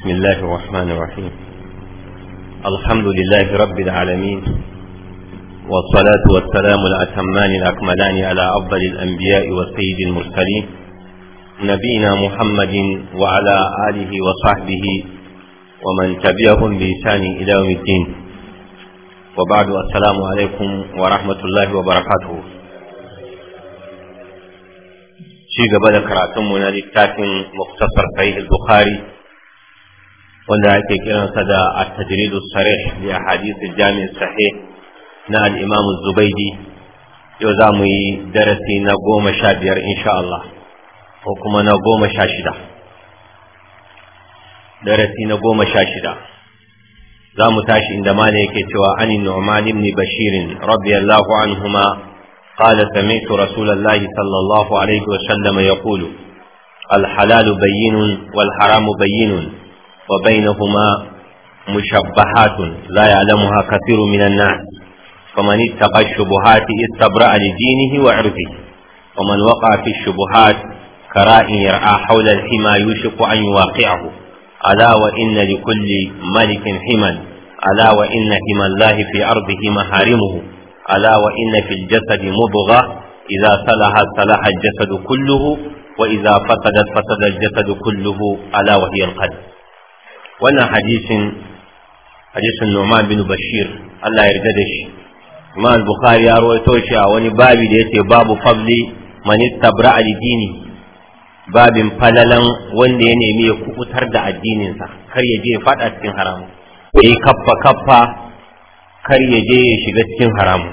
بسم الله الرحمن الرحيم الحمد لله رب العالمين والصلاة والسلام الأتمان الأكملان على أفضل الأنبياء والسيد المرسلين نبينا محمد وعلى آله وصحبه ومن تبعهم بإحسان إلى يوم الدين وبعد السلام عليكم ورحمة الله وبركاته شيخ بدر كراتم من مختصر صحيح البخاري wanda ake kiransa da at-tajridu sarih li ahadith al-jami' sahih na al-imam az-zubaydi yau za mu yi darasi na goma sha biyar insha Allah ko kuma na goma sha shida darasi na goma sha shida za mu tashi inda mana yake cewa an nu'man ibn bashir radiyallahu anhuma qala sami'tu rasulullahi sallallahu alaihi wa sallam yaqulu الحلال بين والحرام بين وبينهما مشبهات لا يعلمها كثير من الناس فمن اتقى الشبهات استبرأ لدينه وعرفه ومن وقع في الشبهات كراء يرعى حول الحمى يوشك أن يواقعه ألا وإن لكل ملك حما ألا وإن حمى الله في أرضه محارمه ألا وإن في الجسد مضغة إذا صلحت صلح الجسد كله وإذا فسدت فسد الجسد كله ألا وهي القلب wannan hadisin hadisin Numan bin Bashir Allah ya yarda da shi Imam Bukhari ya rawaito shi a wani babi da yake babu fadli man istabra dini babin falalan wanda ya nemi ya kubutar da addininsa kar ya je ya fada cikin haramu ya yi kaffa kaffa kar ya je ya shiga cikin haramu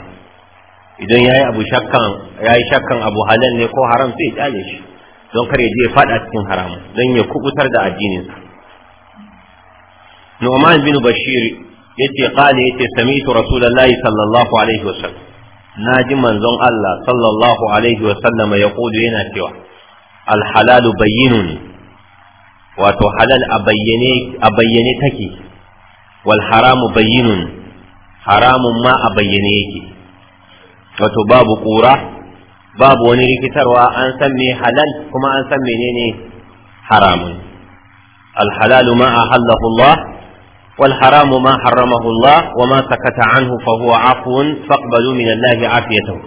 idan ya yi abu shakkan yayi shakkan abu halal ne ko haram sai ya kyale shi don kar ya je ya fada cikin haramu don ya kubutar da addininsa nu'man bin bashir yace qala yace sami'tu rasulullahi sallallahu alaihi wasallam naji manzon Allah sallallahu alaihi wasallam ya kudu yana cewa al halalu bayyinun wato halal a bayyane a bayyane take wal haramu bayyinun haramun ma a bayyane yake wato babu ƙura, babu wani rikitarwa an san me halal kuma an san menene haramun Alhalalu ma a Allah والحرام ما حرمه الله وما سكت عنه فهو عفو فاقبلوا من الله عافيته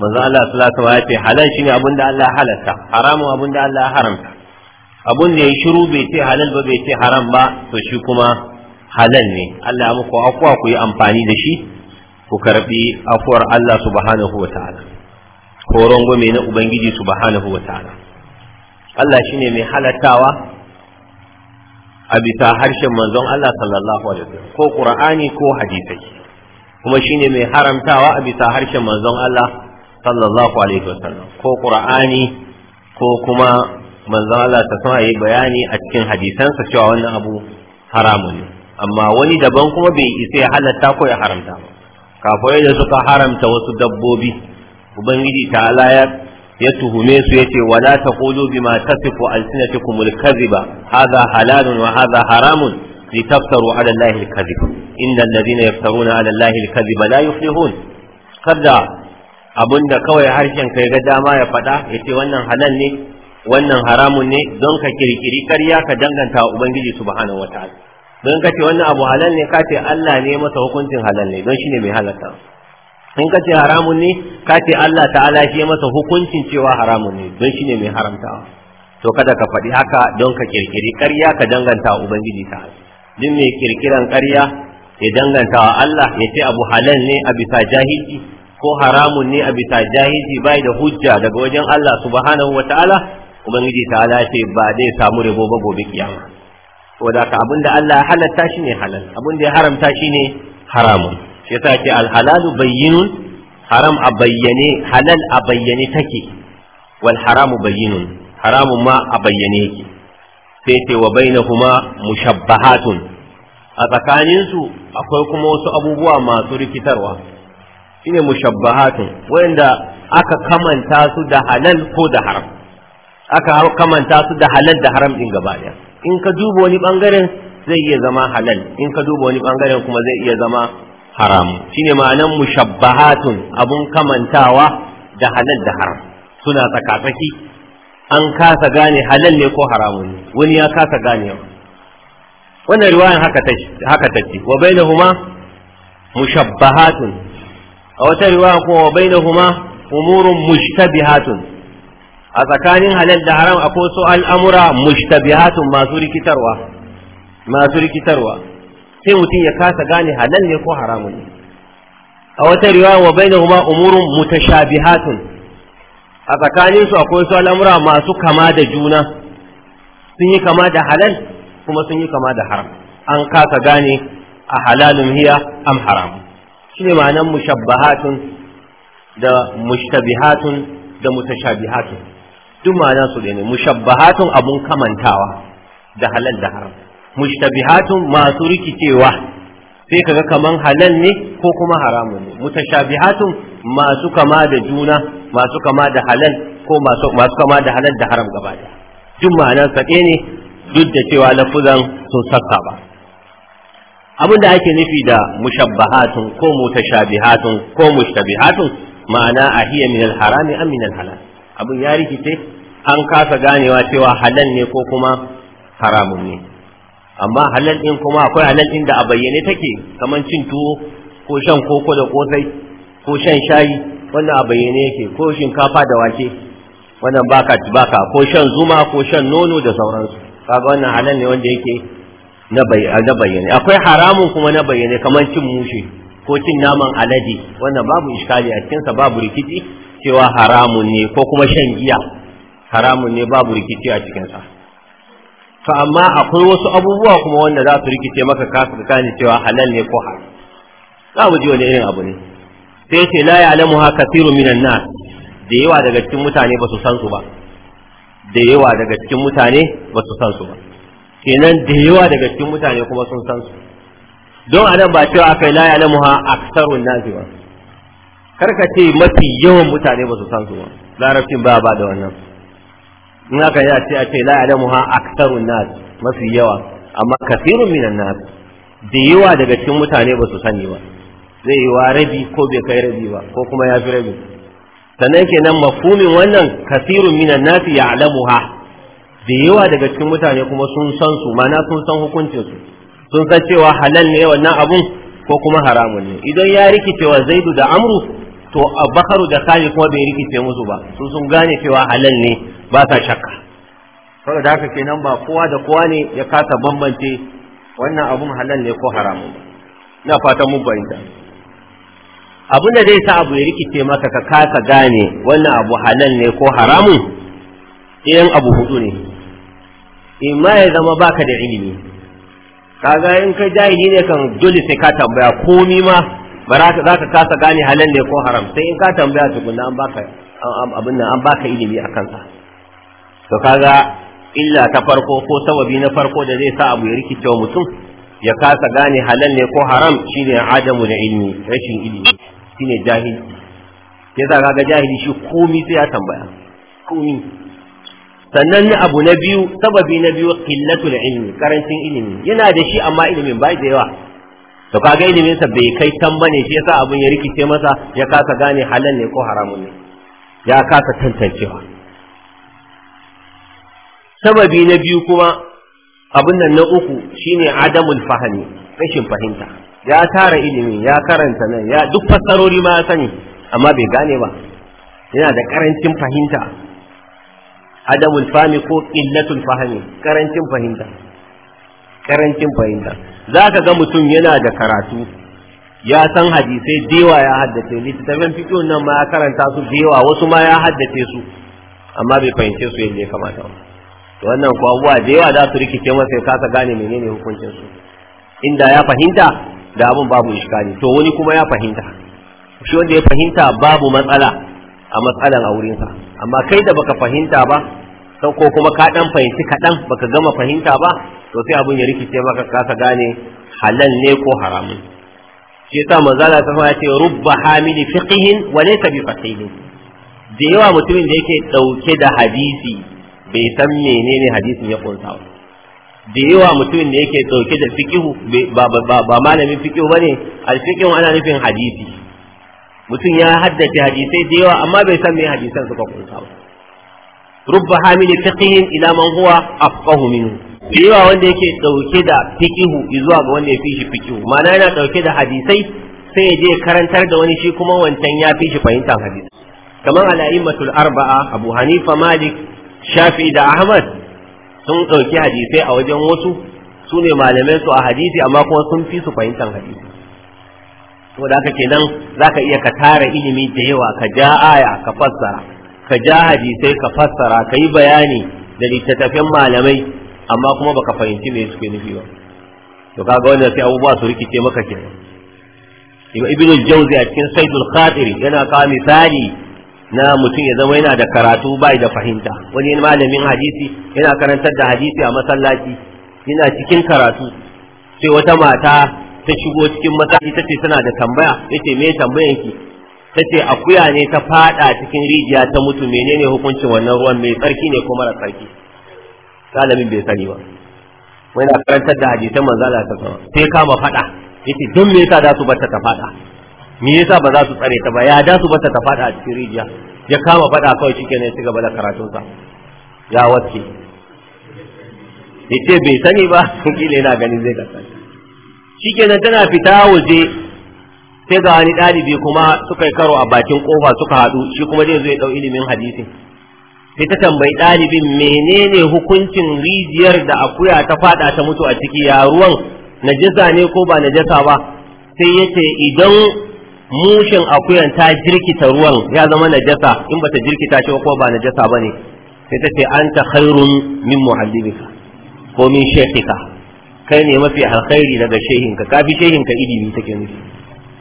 manzo Allah sallallahu alaihi wasallam halal shine abin da Allah halalta haramun abin da Allah haramta abin da yayi shiru bai ce halal ba bai ce haram ba to shi kuma halal ne Allah ya muku afwa ku yi amfani da shi ku karbi afwar Allah subhanahu ta'ala, ko rangwame na ubangiji subhanahu ta'ala. Allah shine mai halattawa a bisa harshen manzon Allah sallallahu alaihi wasallam ko Qur'ani ko hadisai kuma shine mai haramtawa a bisa harshen manzon Allah sallallahu alaihi wasallam ko Qur'ani ko kuma manzon Allah ta sama yi bayani a cikin hadisansa cewa wannan abu haramu ne amma wani daban kuma bai isa ya halatta ko ya haramta ba kafirai da suka haramta wasu dabbobi ubangiji ta ya ya tuhume su yace wala taqulu bima tasifu alsinatukumul kadhiba hadha halalun wa hadha haramun litaftaru ala allahi alkadhib innal ladina yaftaruna ala allahi alkadhiba la yuflihun kada abunda kawai harshen kai ga dama ya fada yace wannan halal ne wannan haramun ne don ka kirkiri karya ka danganta wa ubangiji subhanahu wataala don kace wannan abu halal ne kace Allah ne masa hukuncin halal ne don shine mai halatta in ka ce haramun ne ka ce Allah ta'ala shi ya masa hukuncin cewa haramun ne don shine mai haramtawa to kada ka faɗi haka don ka kirkiri ƙarya ka danganta wa ubangiji ta duk mai kirkiran ƙarya ya danganta wa Allah ya ce abu halal ne a bisa jahilci ko haramun ne a bisa jahilci bai da hujja daga wajen Allah subhanahu ta'ala, ubangiji ta'ala ce ba zai samu rabo ba gobe kiyama saboda ka abinda Allah ya halatta ne halal abinda ya haramta shi ne haramun sa ce alhalalu bayyinun haram a bayyane halal a bayyane take wal haramu bayyinun haramun ma a bayyane yake sai ce wa bainahuma mushabbahatun a tsakaninsu akwai kuma wasu abubuwa masu rikitarwa shine mushabbahatun wanda aka kamanta su da halal ko da haram aka kamanta su da halal da haram din gaba ɗaya in ka duba wani bangaren zai iya zama halal in ka duba wani bangaren kuma zai iya zama haram shine ma'anan mushabbahatun abun kamantawa da halal da haram suna tsakatsaki an kasa gane halal ne ko haramun ne wani ya kasa ganewa wannan riwayan haka take haka take wa bainahuma mushabbahatun a wata riwaya kuma wa bainahuma umurun mushtabihatun a tsakanin halal da haram akwai su al'amura mushtabihatun masu rikitarwa masu rikitarwa sai mutum ya kasa gane halal ne ko haramun ne a wata riwaya wa kuma umurun mutashabihatun a tsakanin su akwai su al'amura masu kama da juna sun yi kama da halal kuma sun yi kama da haram an kasa gane a halalun hiya am haram ne ma'anan mushabbahatun da mushtabihatun da mutashabihatun duk ma'ana su ne mushabbahatun abun kamantawa da halal da haram mujtabihatun masu rikicewa sai kaga kaman halal ne ko kuma haramun ne mutashabihatun masu kama da juna masu kama da halal ko masu kama da halal da haram gaba da duk ma'anar sa ne duk da cewa lafuzan sun saka ba abin da ake nufi da mushabbahatun ko mutashabihatun ko mushtabihatun ma'ana ahiya min al-harami am min halal abin ya rikice an kasa ganewa cewa halal ne ko kuma haramun ne amma halal din kuma akwai halal din da a bayyane take kamar cin tuwo ko shan koko da kosai ko shan shayi wannan a bayyane yake ko shinkafa da wake wannan baka baka ko shan zuma ko shan nono da sauransu kaga wannan halal ne wanda yake na bayyane akwai haramun kuma na bayyane kamar cin mushe ko cin naman alade wannan babu iskali a cikinsa babu rikici cewa haramun ne ko kuma shan giya haramun ne babu rikici a cikinsa fa amma akwai wasu abubuwa kuma wanda za su rikice maka kafin gane cewa halal ne ko haram za mu ji wani irin abu ne sai ce la ya'lamu ha kathirun minan nas da yawa daga cikin mutane ba su san su ba da yawa daga cikin mutane ba su san su ba kenan da yawa daga cikin mutane kuma sun san su don anan ba cewa akai la ya'lamu ha aktharun nas ba karka ce mafi yawan mutane ba su san su ba larabcin ba ba da wannan in aka yi a ce a ce la ya'lamuha aktharun nas mafi yawa amma kafirun minan nas da yawa daga cikin mutane ba su sani ba zai yi wa rabi ko bai kai rabi ba ko kuma ya fi rabi sannan kenan mafhumin wannan kafirun minan nas ha da yawa daga cikin mutane kuma sun san su ma'ana sun san hukuncin su sun san cewa halal ne wannan abun ko kuma haramun ne idan ya rikicewa zaidu da amru to abbakaru da kaji kuma bai rikice musu ba su sun gane cewa halal ne ba sa shakka saboda haka kenan ba kowa da kowa ne ya kasa bambance wannan abun halal ne ko haramun ina fatan mun bayyana abin da zai sa abu ya rikice maka ka kasa gane wannan abu halal ne ko haramun idan abu hudu ne in ma ya zama baka da ilimi kaga in ka jahili ne kan dole sai ka tambaya komi ma ba za ka kasa gane halal ne ko haram sai in ka tambaya tukuna an baka abin nan an baka ilimi a kansa to kaga illa ta farko ko sababi na farko da zai sa abu ya rikice wa mutum ya kasa gane halal ne ko haram shine adamu da ilmi rashin ilimi shine jahili yasa ga jahili shi komi sai ya tambaya komi sannan abu na biyu sababi na biyu qillatul ilmi karancin ilimi yana da shi amma ilimin bai da yawa to kaga ilimin sa bai kai tan bane shi yasa abun ya rikice masa ya kasa gane halal ne ko haramun ne ya kasa tantancewa sababi na biyu kuma abun nan na uku shine adamul fahmi rashin fahimta ya tara ilimi ya karanta nan ya duk fassarori ma ya sani amma bai gane ba yana da karancin fahimta adamul fahmi ko illatul fahmi karancin fahimta karancin fahimta za ka ga mutum yana da karatu ya san hadisai dewa ya haddace littattafan fito nan ma ya karanta su dewa wasu ma ya haddace su amma bai fahimce su yadda ya kamata ba to wannan ko abubuwa dewa za su rikice masa ya kasa gane menene hukuncin su inda ya fahimta da abun babu iskani to wani kuma ya fahimta shi wanda ya fahimta babu matsala a matsalan aurensa amma kai da baka fahimta ba ko kuma ka dan fahimci kaɗan baka gama fahimta ba to sai abun ya rikice maka kasa gane halal ne ko haramun shi yasa manzala ta fara ce rubba hamili fiqhin wa laysa bi faqihin da yawa mutumin da yake dauke da hadisi bai san menene hadisin ya kunsa ba da yawa mutumin da yake dauke da fiqhu ba malamin fiqhu bane alfiqihu ana nufin hadisi mutum ya haddace hadisai da yawa amma bai san me hadisan suka kunsa ba rubba hamili fiqhin ila man huwa afqahu minhu yawa wanda yake dauke da fiqihu zuwa ga wanda ya fi shi fiqihu ma'ana yana dauke da hadisai sai ya je karantar da wani shi kuma wancan ya fi shi fahimtar hadisi kamar al'aimatul arba'a abu hanifa malik shafi da ahmad sun dauki hadisai a wajen wasu su ne malamai su a hadisi amma kuma sun fi su fahimtar hadisi to da kenan zaka iya ka tara ilimi da yawa ka ja aya ka fassara ka ja hadisai ka fassara ka yi bayani da littattafan malamai amma kuma baka fahimci me suke nufi ba to kaga wannan sai abubuwa su rikice maka ke. ibn al-jawzi a cikin saidul khatir yana ka misali na mutum ya zama yana da karatu bai da fahimta wani malamin hadisi yana karantar da hadisi a masallaci yana cikin karatu sai wata mata ta shigo cikin masallaci tace tana da tambaya yace me tambayan ki tace akuya ne ta fada cikin rijiya ta mutu menene hukuncin wannan ruwan mai tsarki ne ko mara tsarki ɗalibin bai sani ba wai na karantar da hadisan manzo Allah ta sama sai kama fada yace don me yasa za su bata ta fada me yasa ba za su tsare ta ba ya da su bata ta fada a cikin rijiya ya kama fada kawai kenan ya ci gaba da karatun sa ya waske yace bai sani ba kila yana ganin zai shi kenan tana fita waje sai ga wani ɗalibi kuma suka yi karo a bakin ƙofa suka haɗu shi kuma zai zo ya ɗau ilimin hadisin sai ta tambayi ɗalibin menene hukuncin rijiyar da akuya ta fada ta mutu a ciki ya ruwan najasa ne ko ba najasa ba sai yace idan mushin akuyan ta jirkita ruwan ya zama najasa in ba ta jirkita shi ko ba najasa bane sai ta ce anta khairun min muhallibika ko min shaykhika kai ne mafi alkhairi daga shehinka kafi shehinka ilimi take nufi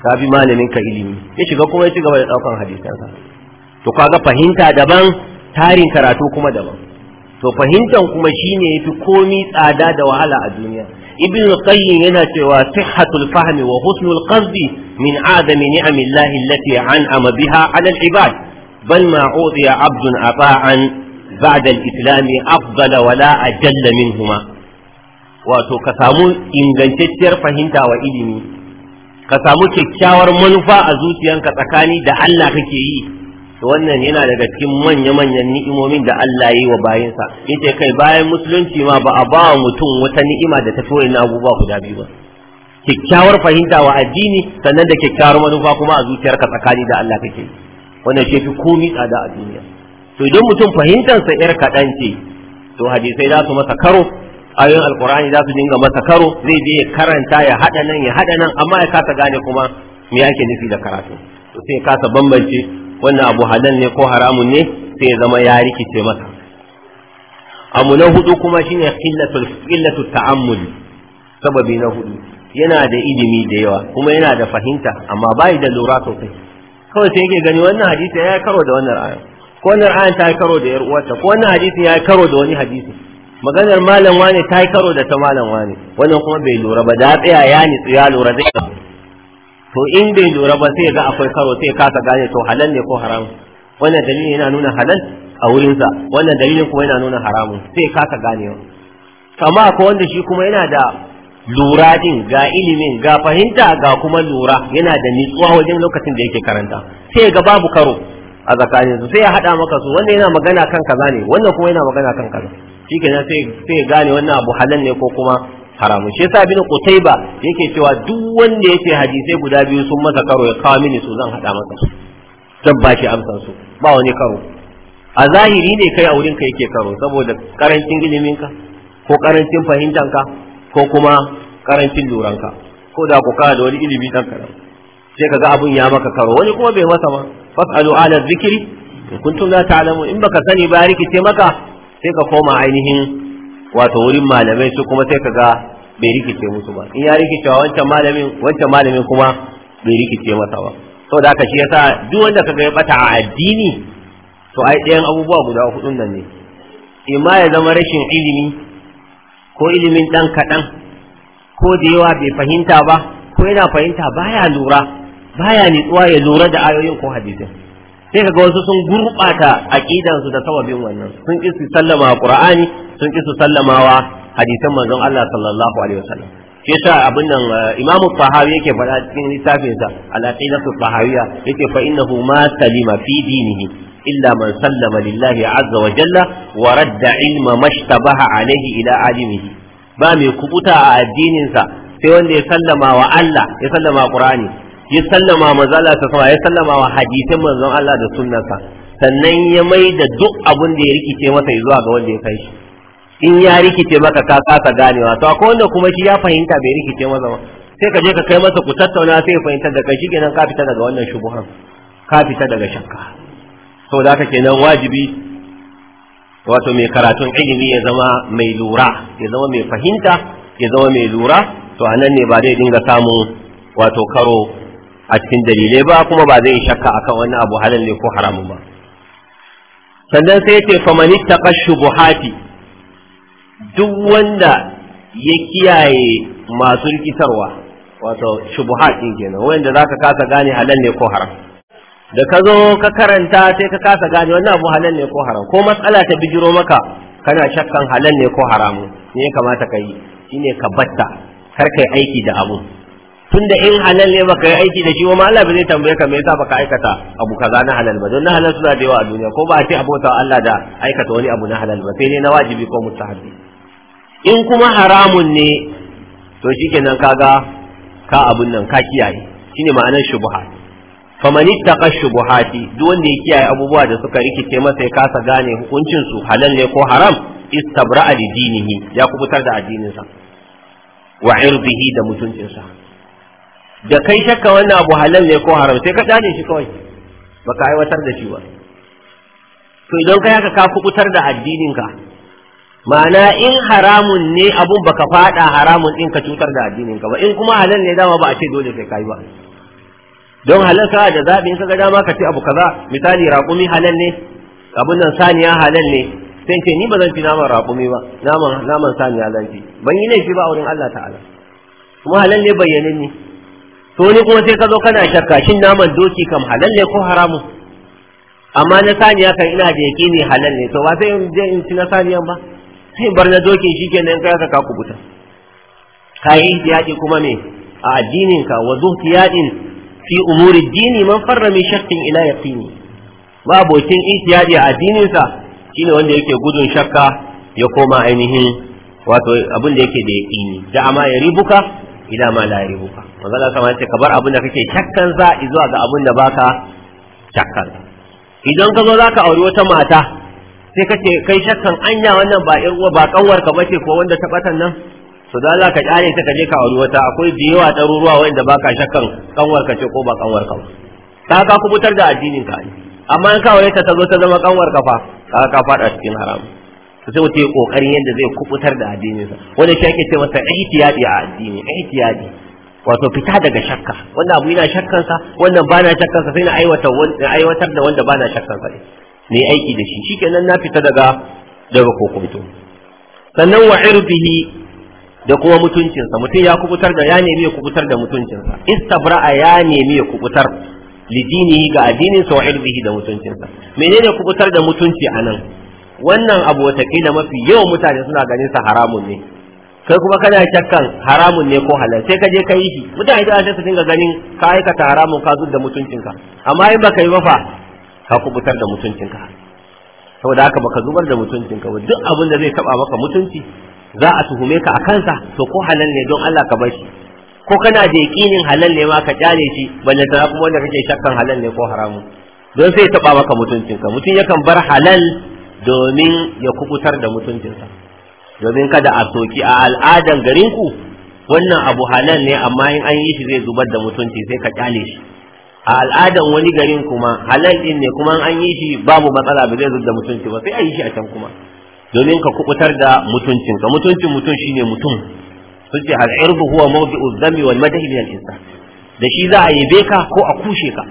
kafi malamin ka ilimi ya shiga kuma ya ci gaba da daukan hadisansa to kaga fahimta daban tarin karatu kuma daban to fahimtan kuma shine yafi komi tsada da wahala a duniya ibn qayyim yana cewa sihhatul fahmi wa husnul qasdi min adami ni'amillahi allati an'ama biha 'ala al-ibad bal ma udiya 'abdun ata'an ba'da al-islam afdala wa la minhuma wato ka samu ingantacciyar fahimta wa ilimi ka samu kyakkyawar manufa a zuciyanka tsakani da Allah kake yi to wannan yana daga cikin manya-manyan ni'imomin da Allah yi wa bayinsa yace kai bayan musulunci ma ba a bawa mutum wata ni'ima da ta fi na abubuwa guda biyu ba kyakkyawar fahimta wa addini sannan da kyakkyawar manufa kuma a zuciyarka tsakani da Allah kake wannan shi fi komi tsada a duniya to idan mutum fahimtarsa yar kaɗan ce to hadisai za su masa karo ayoyin alkur'ani za su dinga masa karo zai je ya karanta ya haɗa nan ya haɗa nan amma ya kasa gane kuma me ake nufi da karatu to sai ya kasa bambance wannan abu halal ne ko haramun ne sai ya zama ya rikice masa abu na hudu kuma shine qillatul qillatul ta'ammul sababi na hudu yana da ilimi da yawa kuma yana da fahimta amma bai da lura sosai kawai sai yake gani wannan hadisi ya karo da wannan aya ko wannan aya ta karo da yar uwarta ko wannan hadisi ya karo da wani hadisi maganar malam wane ta karo da ta malam wane wannan kuma bai lura ba da tsaya ya ni tsaya lura zai to in bai lura ba sai ga akwai karo sai kasa gane to halal ne ko haram wannan dalilin yana nuna halal a wurinsa wannan dalilin kuma yana nuna haramun sai kasa ganewa kama akwai wanda shi kuma yana da lura din ga ilimin ga fahimta ga kuma lura yana da nitsuwa wajen lokacin da yake karanta sai ga babu karo a tsakanin su sai ya hada maka su wanda yana magana kan kaza ne wannan kuma yana magana kan kaza shikenan sai sai gane wannan abu halal ne ko kuma haramun shi yasa bin qutayba yake cewa duk wanda yake hadisai guda biyu sun masa karo ya kawo mini su zan hada masa su zan ba shi amsan su ba wani karo a zahiri ne kai a wurin ka yake karo saboda karancin ilimin ka ko karancin fahimtan ka ko kuma karancin luran ka ko da ku kana da wani ilimi dan karam sai kaga abun ya maka karo wani kuma bai masa ma fasalu ala zikri kuntum la ta'lamu in baka sani ba rikice maka sai ka koma ainihin wato wurin malamai su kuma sai kaga bai rikice musu ba in ya rikice wancan malamin wancan malamin kuma bai rikice masa ba da haka shi yasa duk wanda kaga ya bata a addini to ai ɗayan abubuwa guda hudun nan ne imma ya zama rashin ilimi ko ilimin dan kaɗan ko da yawa bai fahimta ba ko yana fahimta baya lura baya nitsuwa ya lura da ayoyin ko hadisin sai kaga wasu sun gurɓata aqidansu da sababin wannan sun ki su sallama qur'ani sun ki su sallamawa hadisan manzon Allah sallallahu alaihi wasallam shi yasa abin nan eh, imamu fahawi yake faɗa cikin littafin sa al-aqidatu fahawiya yake fa innahu ma salima fi dinihi illa man sallama lillahi azza wa jalla wa radda ilma mashtabaha alaihi ila alimihi ba mai kubuta a addinin sa sai wanda ya sallama wa Allah ya sallama Qur'ani ya sallama manzo Allah ta sama ya sallama wa hadisin manzon Allah da sunnarsa sannan ya mai da duk abin da ya rikice masa zuwa ga wanda ya kai shi in ya rikice maka ka kasa ganewa to akwai wanda kuma shi ya fahimta bai rikice masa ba sai ka je ka kai masa ku tattauna sai ya fahimta da kai shikenan ka fita daga wannan shubuhan ka fita daga shakka da haka kenan wajibi wato mai karatun ilimi ya zama mai lura ya zama mai fahimta ya zama mai lura to a nan ne ba zai dinga samun wato karo a cikin dalilai ba kuma ba zai shakka akan wani abu halal ne ko haramun ba sannan sai ce famani taqa shubuhati duk wanda ya kiyaye masu rikitarwa wato shubuhat din kenan wanda zaka kasa gane halal ne ko haram da ka zo ka karanta sai ka kasa gane wannan abu halal ne ko haram ko matsala ta bijiro maka kana shakkan halal ne ko haramu ne kamata ka yi shine ka batta kar kai aiki da abu tunda in halal ne baka yi aiki da shi wa Allah ba zai tambaye ka me yasa baka aikata abu kaza na halal ba don na halal suna da yawa a duniya ko ba a ce ta Allah da aikata wani abu na halal ba sai ne na wajibi ko mustahabi in kuma haramun ne to shikenan kaga ka abun nan ka kiyaye shine ma'anar shubha faman ittaqa shubuhati duk wanda ya kiyaye abubuwa da suka rikice masa ya kasa gane hukuncin su halal ne ko haram istabra'a li dinihi ya kubutar da addinin sa wa irdihi da mutuncinsa da kai shakka wannan abu halal ne ko haram sai ka dane shi kawai baka aiwatar da shi ba to idan kai haka ka kubutar da addinin ka ma'ana in haramun ne abun baka fada haramun din ka cutar da addinin ka ba in kuma halal ne dama ba a ce dole sai kai ba don halal ka da zabi in ga dama ka ce abu kaza misali raƙumi halal ne abun nan saniya halal ne sai ce ni ba zan ci naman raƙumi ba naman naman saniya zan ci ban yi laifi ba a wurin Allah ta'ala kuma halal ne bayyanin ne to ni kuma sai ka zo kana shakka shin naman doki kam halal ne ko haramu amma na saniya kan ina da yake ne halal ne to ba sai in je in ci na saniyan ba sai bar na dokin shikenan kai ka buta kai yaƙi kuma me a addinin ka wa zuhtiyadin fi umuri dini man farra min shakkin ila yaqini ba abokin ihtiyadi a addinin sa shine wanda yake gudun shakka ya koma ainihin wato abin da yake da yaqini da amma ya ribuka ila ma la ribuka manzala sama ya ce ka bar abin da kake shakkan sa zuwa ga abin da baka shakkan idan ka zo zaka aure wata mata sai ce kai shakkan anya wannan ba irwa ba kanwar ka bace ko wanda ta batan nan to da za ka kyale ta kaje ka aure wata akwai da yawa ɗaruruwa wanda baka shakkan kanwar ka ce ko ba kanwar ka ba ka kubutar da addinin ka amma in ka aure ta ta zo ta zama kanwar ka fa ka ka fada cikin haramu sai mutum ya kokarin yadda zai kubutar da addininsa Wani shi ake ce masa ihtiyadi a addini ihtiyadi wato fita daga shakka wannan abu ina shakkan sa wannan bana shakkan sa sai na aiwatar da wanda bana shakkan sa ne aiki da shi shikenan na fita daga daga kokonto sannan wa irbihi da kuma mutuncinsa mutum ya kubutar da ya nemi ya kubutar da mutuncinsa istabra'a ya nemi ya kubutar lidinihi ga addinin sa wa irbihi da mutuncinsa menene kubutar da mutunci anan wannan abu wata mafi yawan mutane suna ganin sa haramun ne kai kuma kana shakkan haramun ne ko halal sai ka je ka yi shi mutane da su dinga ganin ka aikata haramun ka da mutuncinka amma in baka yi ba fa ka kubutar da mutuncinka saboda haka baka zubar da mutuncinka ba duk abin da zai taba maka mutunci za a tuhume ka a kansa to ko halal ne don Allah ka bar shi ko kana da yakinin halal ne ma ka kyale shi balle ta kuma wanda kake shakkan halal ne ko haramun don sai taba maka mutuncinka mutum yakan bar halal domin ya kubutar da mutuncinsa domin kada a soki a al'adan garinku wannan abu halal ne amma in an yi shi zai zubar da mutunci sai ka kyale shi a al'adan wani garin kuma halal din ne kuma an yi shi babu matsala ba zai zubar da mutunci ba sai a yi shi a can kuma domin ka kubutar da mutuncin ka mutuncin mutum shine mutum sun ce al'irbu huwa mawdi'u dhami wal madhi min al-insan da shi za a yabe ka ko a kushe ka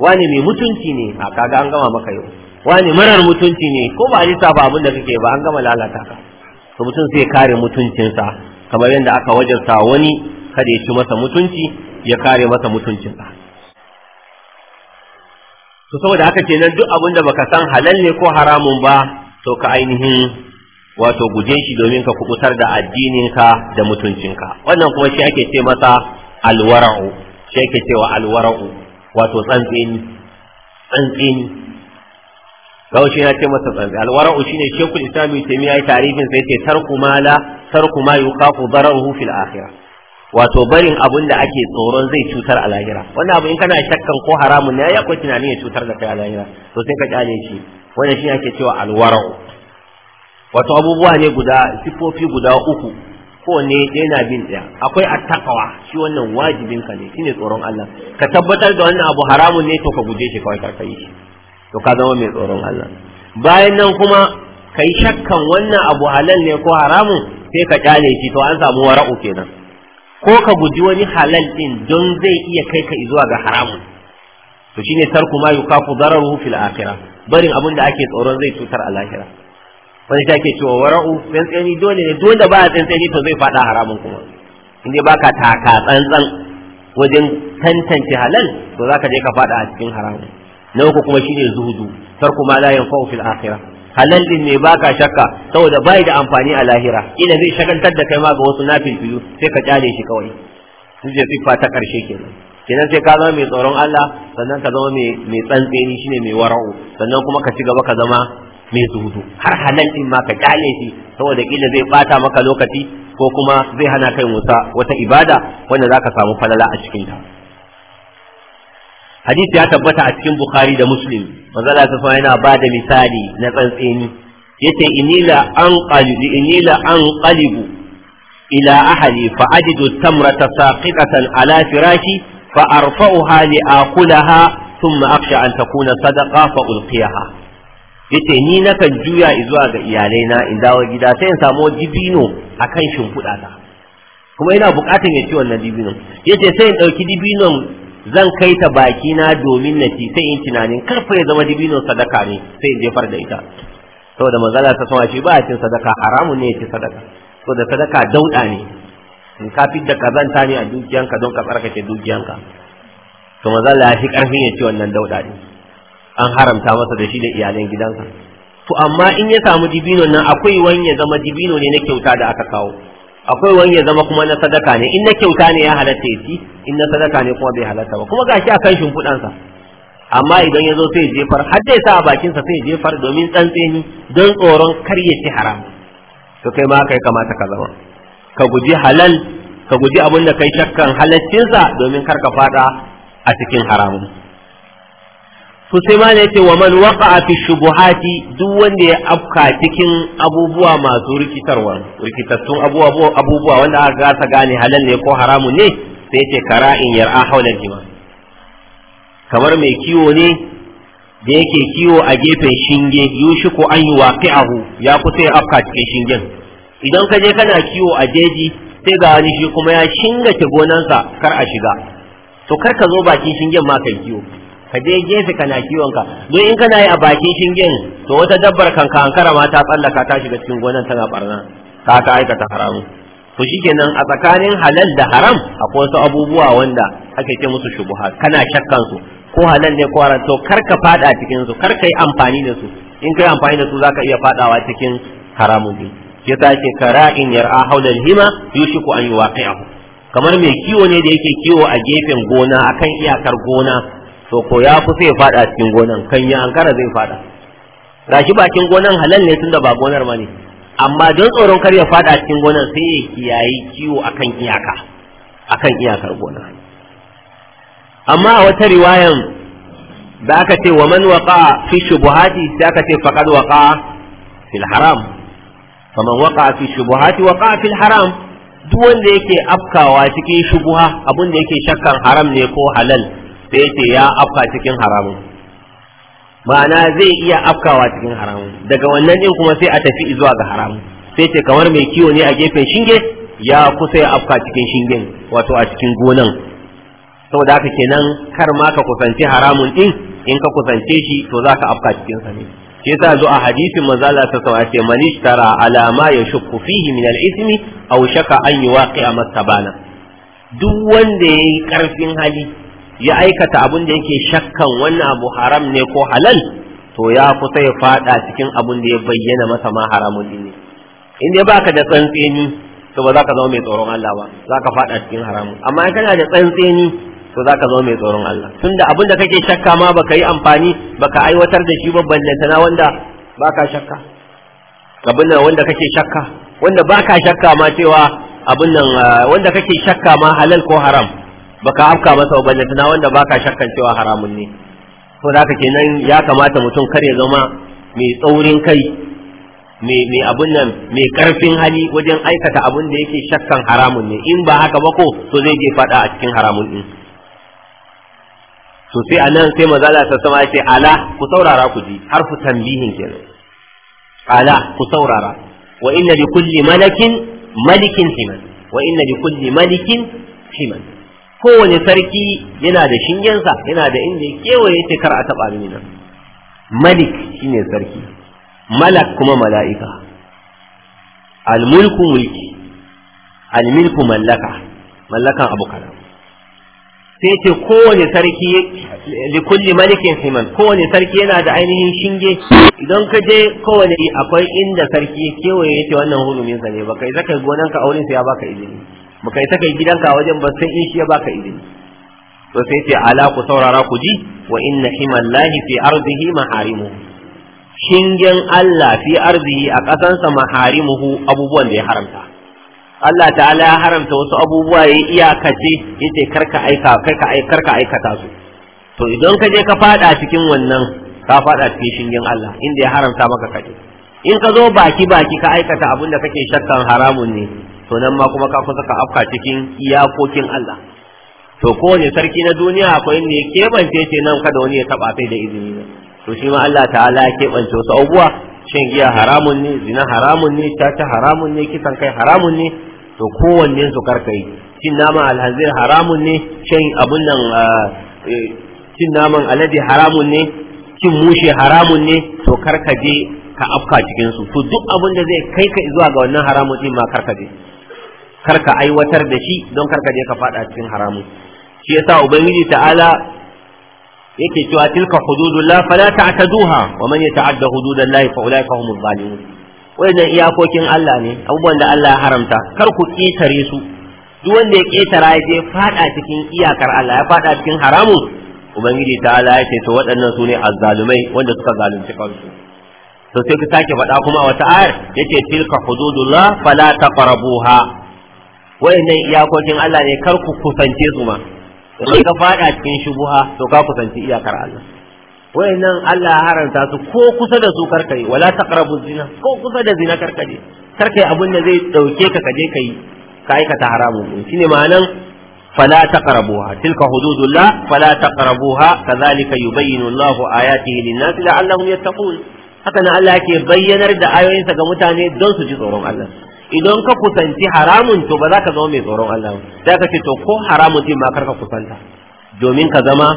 wani mai mutunci ne a kaga an gama maka yau wani marar mutunci ne ko ba a lissafa abin da kake ba an gama lalata ka to mutum sai kare mutuncinsa kamar yadda aka wajarta wani kada ya ci masa mutunci ya kare masa mutuncinsa to saboda haka kenan duk abin da baka san halal ne ko haramun ba to ka ainihin wato guje shi domin ka kubutar da addininka da mutuncinka wannan kuma shi ake ce masa alwara'u shi ake cewa alwara'u wato tsantsin tsantseni Gaushe shi ya ce masa tsantsi alwara'u shine shekul islami ibn mai tarifin sai ce tarku mala, tarku ma yuqafu dararuhu fil akhirah wato barin abin da ake tsoron zai cutar a lahira wannan abu in kana shakkan ko haramun ne ya akwai tunanin ya cutar da kai a lahira to sai ka kyale shi wannan shi ake cewa alwara'u wato abubuwa ne guda sifofi guda uku ko ne yana bin ɗaya akwai attaqwa shi wannan wajibin ka ne shine tsoron Allah ka tabbatar da wannan abu haramun ne to ka guje shi kawai ka kai shi to ka zama mai tsoron Allah bayan nan kuma kai shakkan wannan abu halal ne ko haramun sai ka kyale shi to an samu wara'u kenan ko ka guji wani halal din don zai iya kai ka zuwa ga haramun to shine tarku ma yukafu dararuhu fil akhirah barin abin da ake tsoron zai cutar a lahira wani take cewa wara'u tsantsani dole ne dole da ba a tsantsani to zai fada haramun kuma inda baka taka tsantsan wajen tantance halal to zaka je ka faɗa a cikin haramun na uku kuma shine zuhudu tarku ma la yanfa'u fil akhirah halal din ne baka shakka saboda bai da amfani a lahira ina zai shagantar da kai ma ga wasu nafil sai ka kyale shi kawai je siffa ta karshe kenan kenan sai ka zama mai tsoron Allah sannan ka zama mai mai tsantseni shine mai wara'u sannan kuma ka ci gaba ka zama mai zuhudu har halal din ma ka kyale shi saboda kila zai bata maka lokaci ko kuma zai hana kai musa wata ibada wanda zaka samu falala a cikin ta hadisi ya tabbata a cikin bukhari da muslim manzala ta sama yana ba da misali na tsantseni yace inila an qalibu inila an qalibu ila ahli fa ajidu tamrata saqitatan ala firashi fa arfa'uha li akulaha thumma akhsha an takuna sadaqa fa ulqiyaha yace ni nakan juya zuwa ga na in dawo gida sai in samu dibino akan shimfiɗa ta kuma ina buƙatar ya ci wannan dibinon yace sai in ɗauki dibinon zan kai ta baki na domin na ci sai in tunanin karfe ya zama dibino sadaka ne sai in jefar da ita saboda manzala ta sama shi ba a cin sadaka haramun ne ya ci sadaka saboda sadaka dauda ne in ka da kazanta ne a dukiyanka don ka tsarkake dukiyanka to manzala ya fi karfin ya ci wannan dauda ne an haramta masa da shi da iyalan gidansa to amma in ya samu dibino nan akwai wani ya zama dibino ne na kyauta da aka kawo akwai wani ya zama kuma na sadaka ne in na kyauta ne ya halatta ya ci in na sadaka ne kuma bai halatta ba kuma gashi a kan shimfiɗansa amma idan ya zo sai jefar har dai sa a bakinsa sai jefar domin tsantseni don tsoron kar ya ci haram to kai ma kai kamata ka zama ka guji halal ka guji abin da kai shakkan halaccinsa domin kar ka fada a cikin haramun su sai ma ne ce wa man waqa'a fi shubuhati duk wanda ya afka cikin abubuwa masu rikitarwa rikitattun abubuwa wanda aka gasa gane halal ne ko haramun ne sai kara in yar a hawlan jima kamar mai kiwo ne da yake kiwo a gefen shinge yushiku an yi ya kusa ya afka cikin shingen idan ka je kana kiwo a jeji sai ga wani shi kuma ya shingace gonansa kar a shiga to kar ka zo bakin shingen ma kai kiwo ka je gefe kana kiwonka don in kana yi a bakin shingen to wata dabbar kan ka ankara ma ta tsallaka ta shiga cikin gonan tana barna ka ka aikata haramu to shikenan a tsakanin halal da haram akwai wasu abubuwa wanda ake ce musu shubuha kana shakkan su ko halal ne ko haram to kar ka fada cikin su kar ka yi amfani da su in kai amfani da su zaka iya fadawa cikin haramu din ta ce yar yar'a haula hima yushiku an yuwaqi'ahu kamar mai kiwo ne da yake kiwo a gefen gona akan iyakar gona to ko ya fi sai fada cikin gonan kan ya ankara zai fada gashi bakin gonan halal ne tunda ba gonar ma ne amma don tsoron kar ya fada cikin gonan sai ya kiyayi kiwo akan iyaka akan iyakar gona amma a wata riwayan da aka ce wa man waqa fi shubuhati sai aka ce faqad waqa fil haram faman waqa fi shubuhati waqa fil haram duk wanda yake afkawa cikin shubuha abin da yake shakkan haram ne ko halal sai yake ya afka cikin haramun ma'ana zai iya afkawa cikin haramun daga wannan din kuma sai a tafi zuwa ga haramun sai ce kamar mai kiwo ne a gefen shinge ya kusa ya afka cikin shingen wato a cikin gonan saboda haka kenan kar ma ka kusance haramun din in ka kusance shi to za ka afka cikin sa ne shi yasa zo a hadisin manzo Allah ta sawa ce man ishtara ala ma yashukku fihi min al-ismi aw shaka an yuwaqi'a mastabana duk wanda yayi karfin hali ya aikata abin da yake shakkan wannan abu haram ne ko halal to ya kusa ya fada cikin abun da ya bayyana masa ma haramun ne in dai baka da tsantseni to ba za ka zama mai tsoron Allah ba za ka fada cikin haramun amma in kana da tsantseni to za ka zama mai tsoron Allah tunda abin da kake shakka ma baka yi amfani baka aiwatar da shi babban na wanda baka shakka abin nan wanda kake shakka wanda baka shakka ma cewa abin nan ah, wanda kake shakka ma halal ko haram baka afka masa ballanta na wanda baka shakkan cewa haramun ne to zaka ke kenan ya kamata mutum kar ya zama mai tsaurin kai mai abun nan mai karfin hali wajen aikata abun da yake shakkan haramun ne in ba haka ba ko to zai je fada a cikin haramun din to sai anan sai maza ta sama ce ala ku saurara ku ji harfu tanbihin kenan ala ku saurara wa inna li kulli malakin malikin himan wa inna li kulli malikin himan kowane sarki yana da shingensa yana da inda ya kewaye ce kar a taɓa mini nan malik shine sarki malak kuma mala'ika almulku mulki almilku mallaka mallakan abu kaza sai ce kowane sarki li kulli malikin himan kowane sarki yana da ainihin shinge idan ka je kowane akwai inda sarki kewaye yake wannan hulumin sa ne baka yi zaka gonanka auren sa ya baka izini Muka yi kai gidanka wajen ba sai in shi ya baka izini to sai ce ala ku saurara ku ji wa inna himallahi fi ardihi maharimu shingen Allah fi arzihi a ƙasansa maharimuhu abubuwan da ya haramta Allah ta'ala ya haramta wasu abubuwa ya iyakace yace karka aika karka aika karka aikata su to idan ka je ka fada cikin wannan ka fada cikin shingen Allah inda ya haramta maka kaje in ka zo baki baki ka aikata abin da kake shakkan haramun ne to nan ma kuma ka kusa ka afka cikin iyakokin Allah to kowane sarki na duniya akwai ne keɓance ce nan kada wani ya taɓa sai da izini ne to shi ma Allah ta'ala ya keɓance wasu abubuwa shan giya haramun ne zina haramun ne caca haramun ne kisan kai haramun ne to kowanne su karkai cin naman alhazir haramun ne shin abun nan ah, eh, cin naman alade haramun ne cin mushe haramun ne to karkaje ka afka cikin su to duk abin da zai kai ka zuwa ga wannan haramun din ma karkaje kar ka aiwatar da shi don kar ka je ka fada cikin haramun shi yasa ubangiji ta'ala yake cewa tilka hududullah fala ta'taduha wa man yata'adda hududallahi fa ulaika humuz zalimun wannan iyakokin Allah ne abubuwan da Allah ya haramta kar ku ketare su duk wanda ya ketara ya je fada cikin iyakar Allah ya fada cikin haramun ubangiji ta'ala ya ce to waɗannan su ne azzalumai wanda suka zalunci kansu to sai ku sake faɗa kuma wata ayar yace tilka hududullah fala taqrabuha wayannan iyakokin Allah ne kar ku kusance su ma idan ka fada cikin shubuha to ka kusanci iyakar Allah wayannan Allah haranta su ko kusa da su karkare wala taqrabu zina ko kusa da zina karkare karkare abin da zai dauke ka kaje kai ka aikata haramun shine ma'anan فلا تقربوها تلك حدود الله فلا تقربوها كذلك يبين الله آياته للناس لعلهم يتقون haka nan Allah yake bayyanar da ayoyinsa ga mutane don su ji tsoron Allah idan ka kusanci haramun to ba za ka zama mai tsoron Allah ba sai ka ce to ko haramun din ma karka kusanta domin ka zama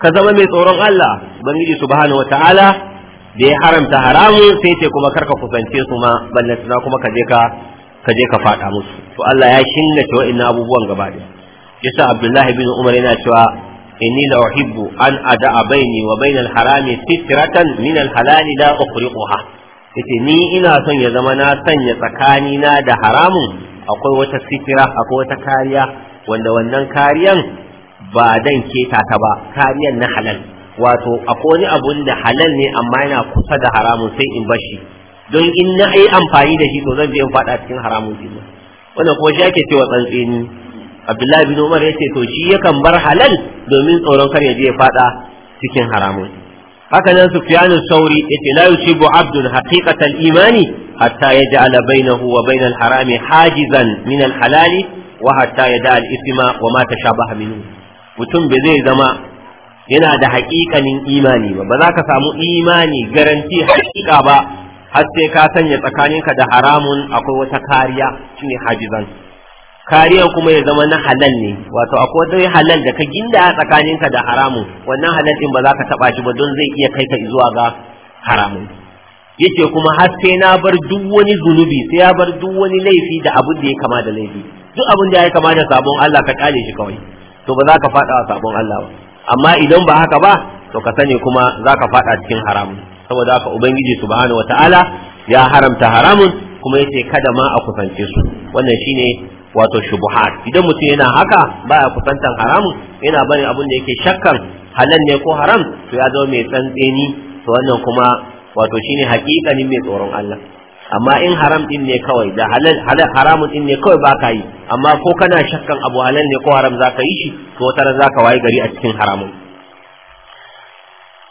ka zama mai tsoron Allah ubangiji subhanahu wataala da ya haramta haramun sai ce kuma karka kusance su ma suna kuma ka je ka ka je ka fada musu to Allah ya cewa wa'annan abubuwan gaba ɗaya yasa Abdullahi bin Umar yana cewa inni la uhibbu an ada'a baini wa bainal harami sitratan min al halali la ukhriquha yace ni ina son ya zama na sanya tsakani na da haramun akwai wata sitira akwai wata kariya wanda wannan kariyan ba dan keta ta ba kariyan na halal wato akwai wani abun da halal ne amma yana kusa da haramun sai in bashi don in na yi amfani da shi to zan je in fada cikin haramun din wannan kuma shi ake cewa tsantseni Abdullahi bin Umar yace to shi yakan bar halal domin tsoron kar ya je ya fada cikin haramun haka nan sufyan sauri yace la yusibu abdun haqiqatal imani hatta yaj'ala bainahu wa bainal harami hajizan min al halali wa hatta yada al ithma wa ma tashabaha minhu mutum bai zai zama yana da haƙiƙanin imani ba ba za ka samu imani garanti haƙiƙa ba har sai ka sanya tsakaninka da haramun akwai wata kariya shine hajizan kariya kuma ya zama na halal ne wato akwai dai halal da ka ginda tsakaninka da haramun wannan halal din ba za ka taba shi ba don zai iya kai ka zuwa ga haramun yace kuma har na bar duk wani zunubi sai ya bar duk wani laifi da abin da ya kama da laifi duk abin da ya kama da sabon Allah ka kale shi kawai to ba za ka fada wa sabon Allah ba amma idan ba haka ba to ka sani kuma za ka fada cikin haramun saboda haka ubangiji subhanahu wataala ya haramta haramun kuma yace kada ma a kusance su wannan shine wato shubuhat idan mutum yana haka baya kusantan haramun yana barin abin da yake shakkan halal ne ko haram to ya zama mai tsantseni to wannan kuma wato shine hakikanin mai tsoron Allah amma in haram din ne kawai da halal haramun din ne kawai baka yi amma ko kana shakkan abu halal ne ko haram zaka yi shi to wata ran zaka waye gari a cikin haramun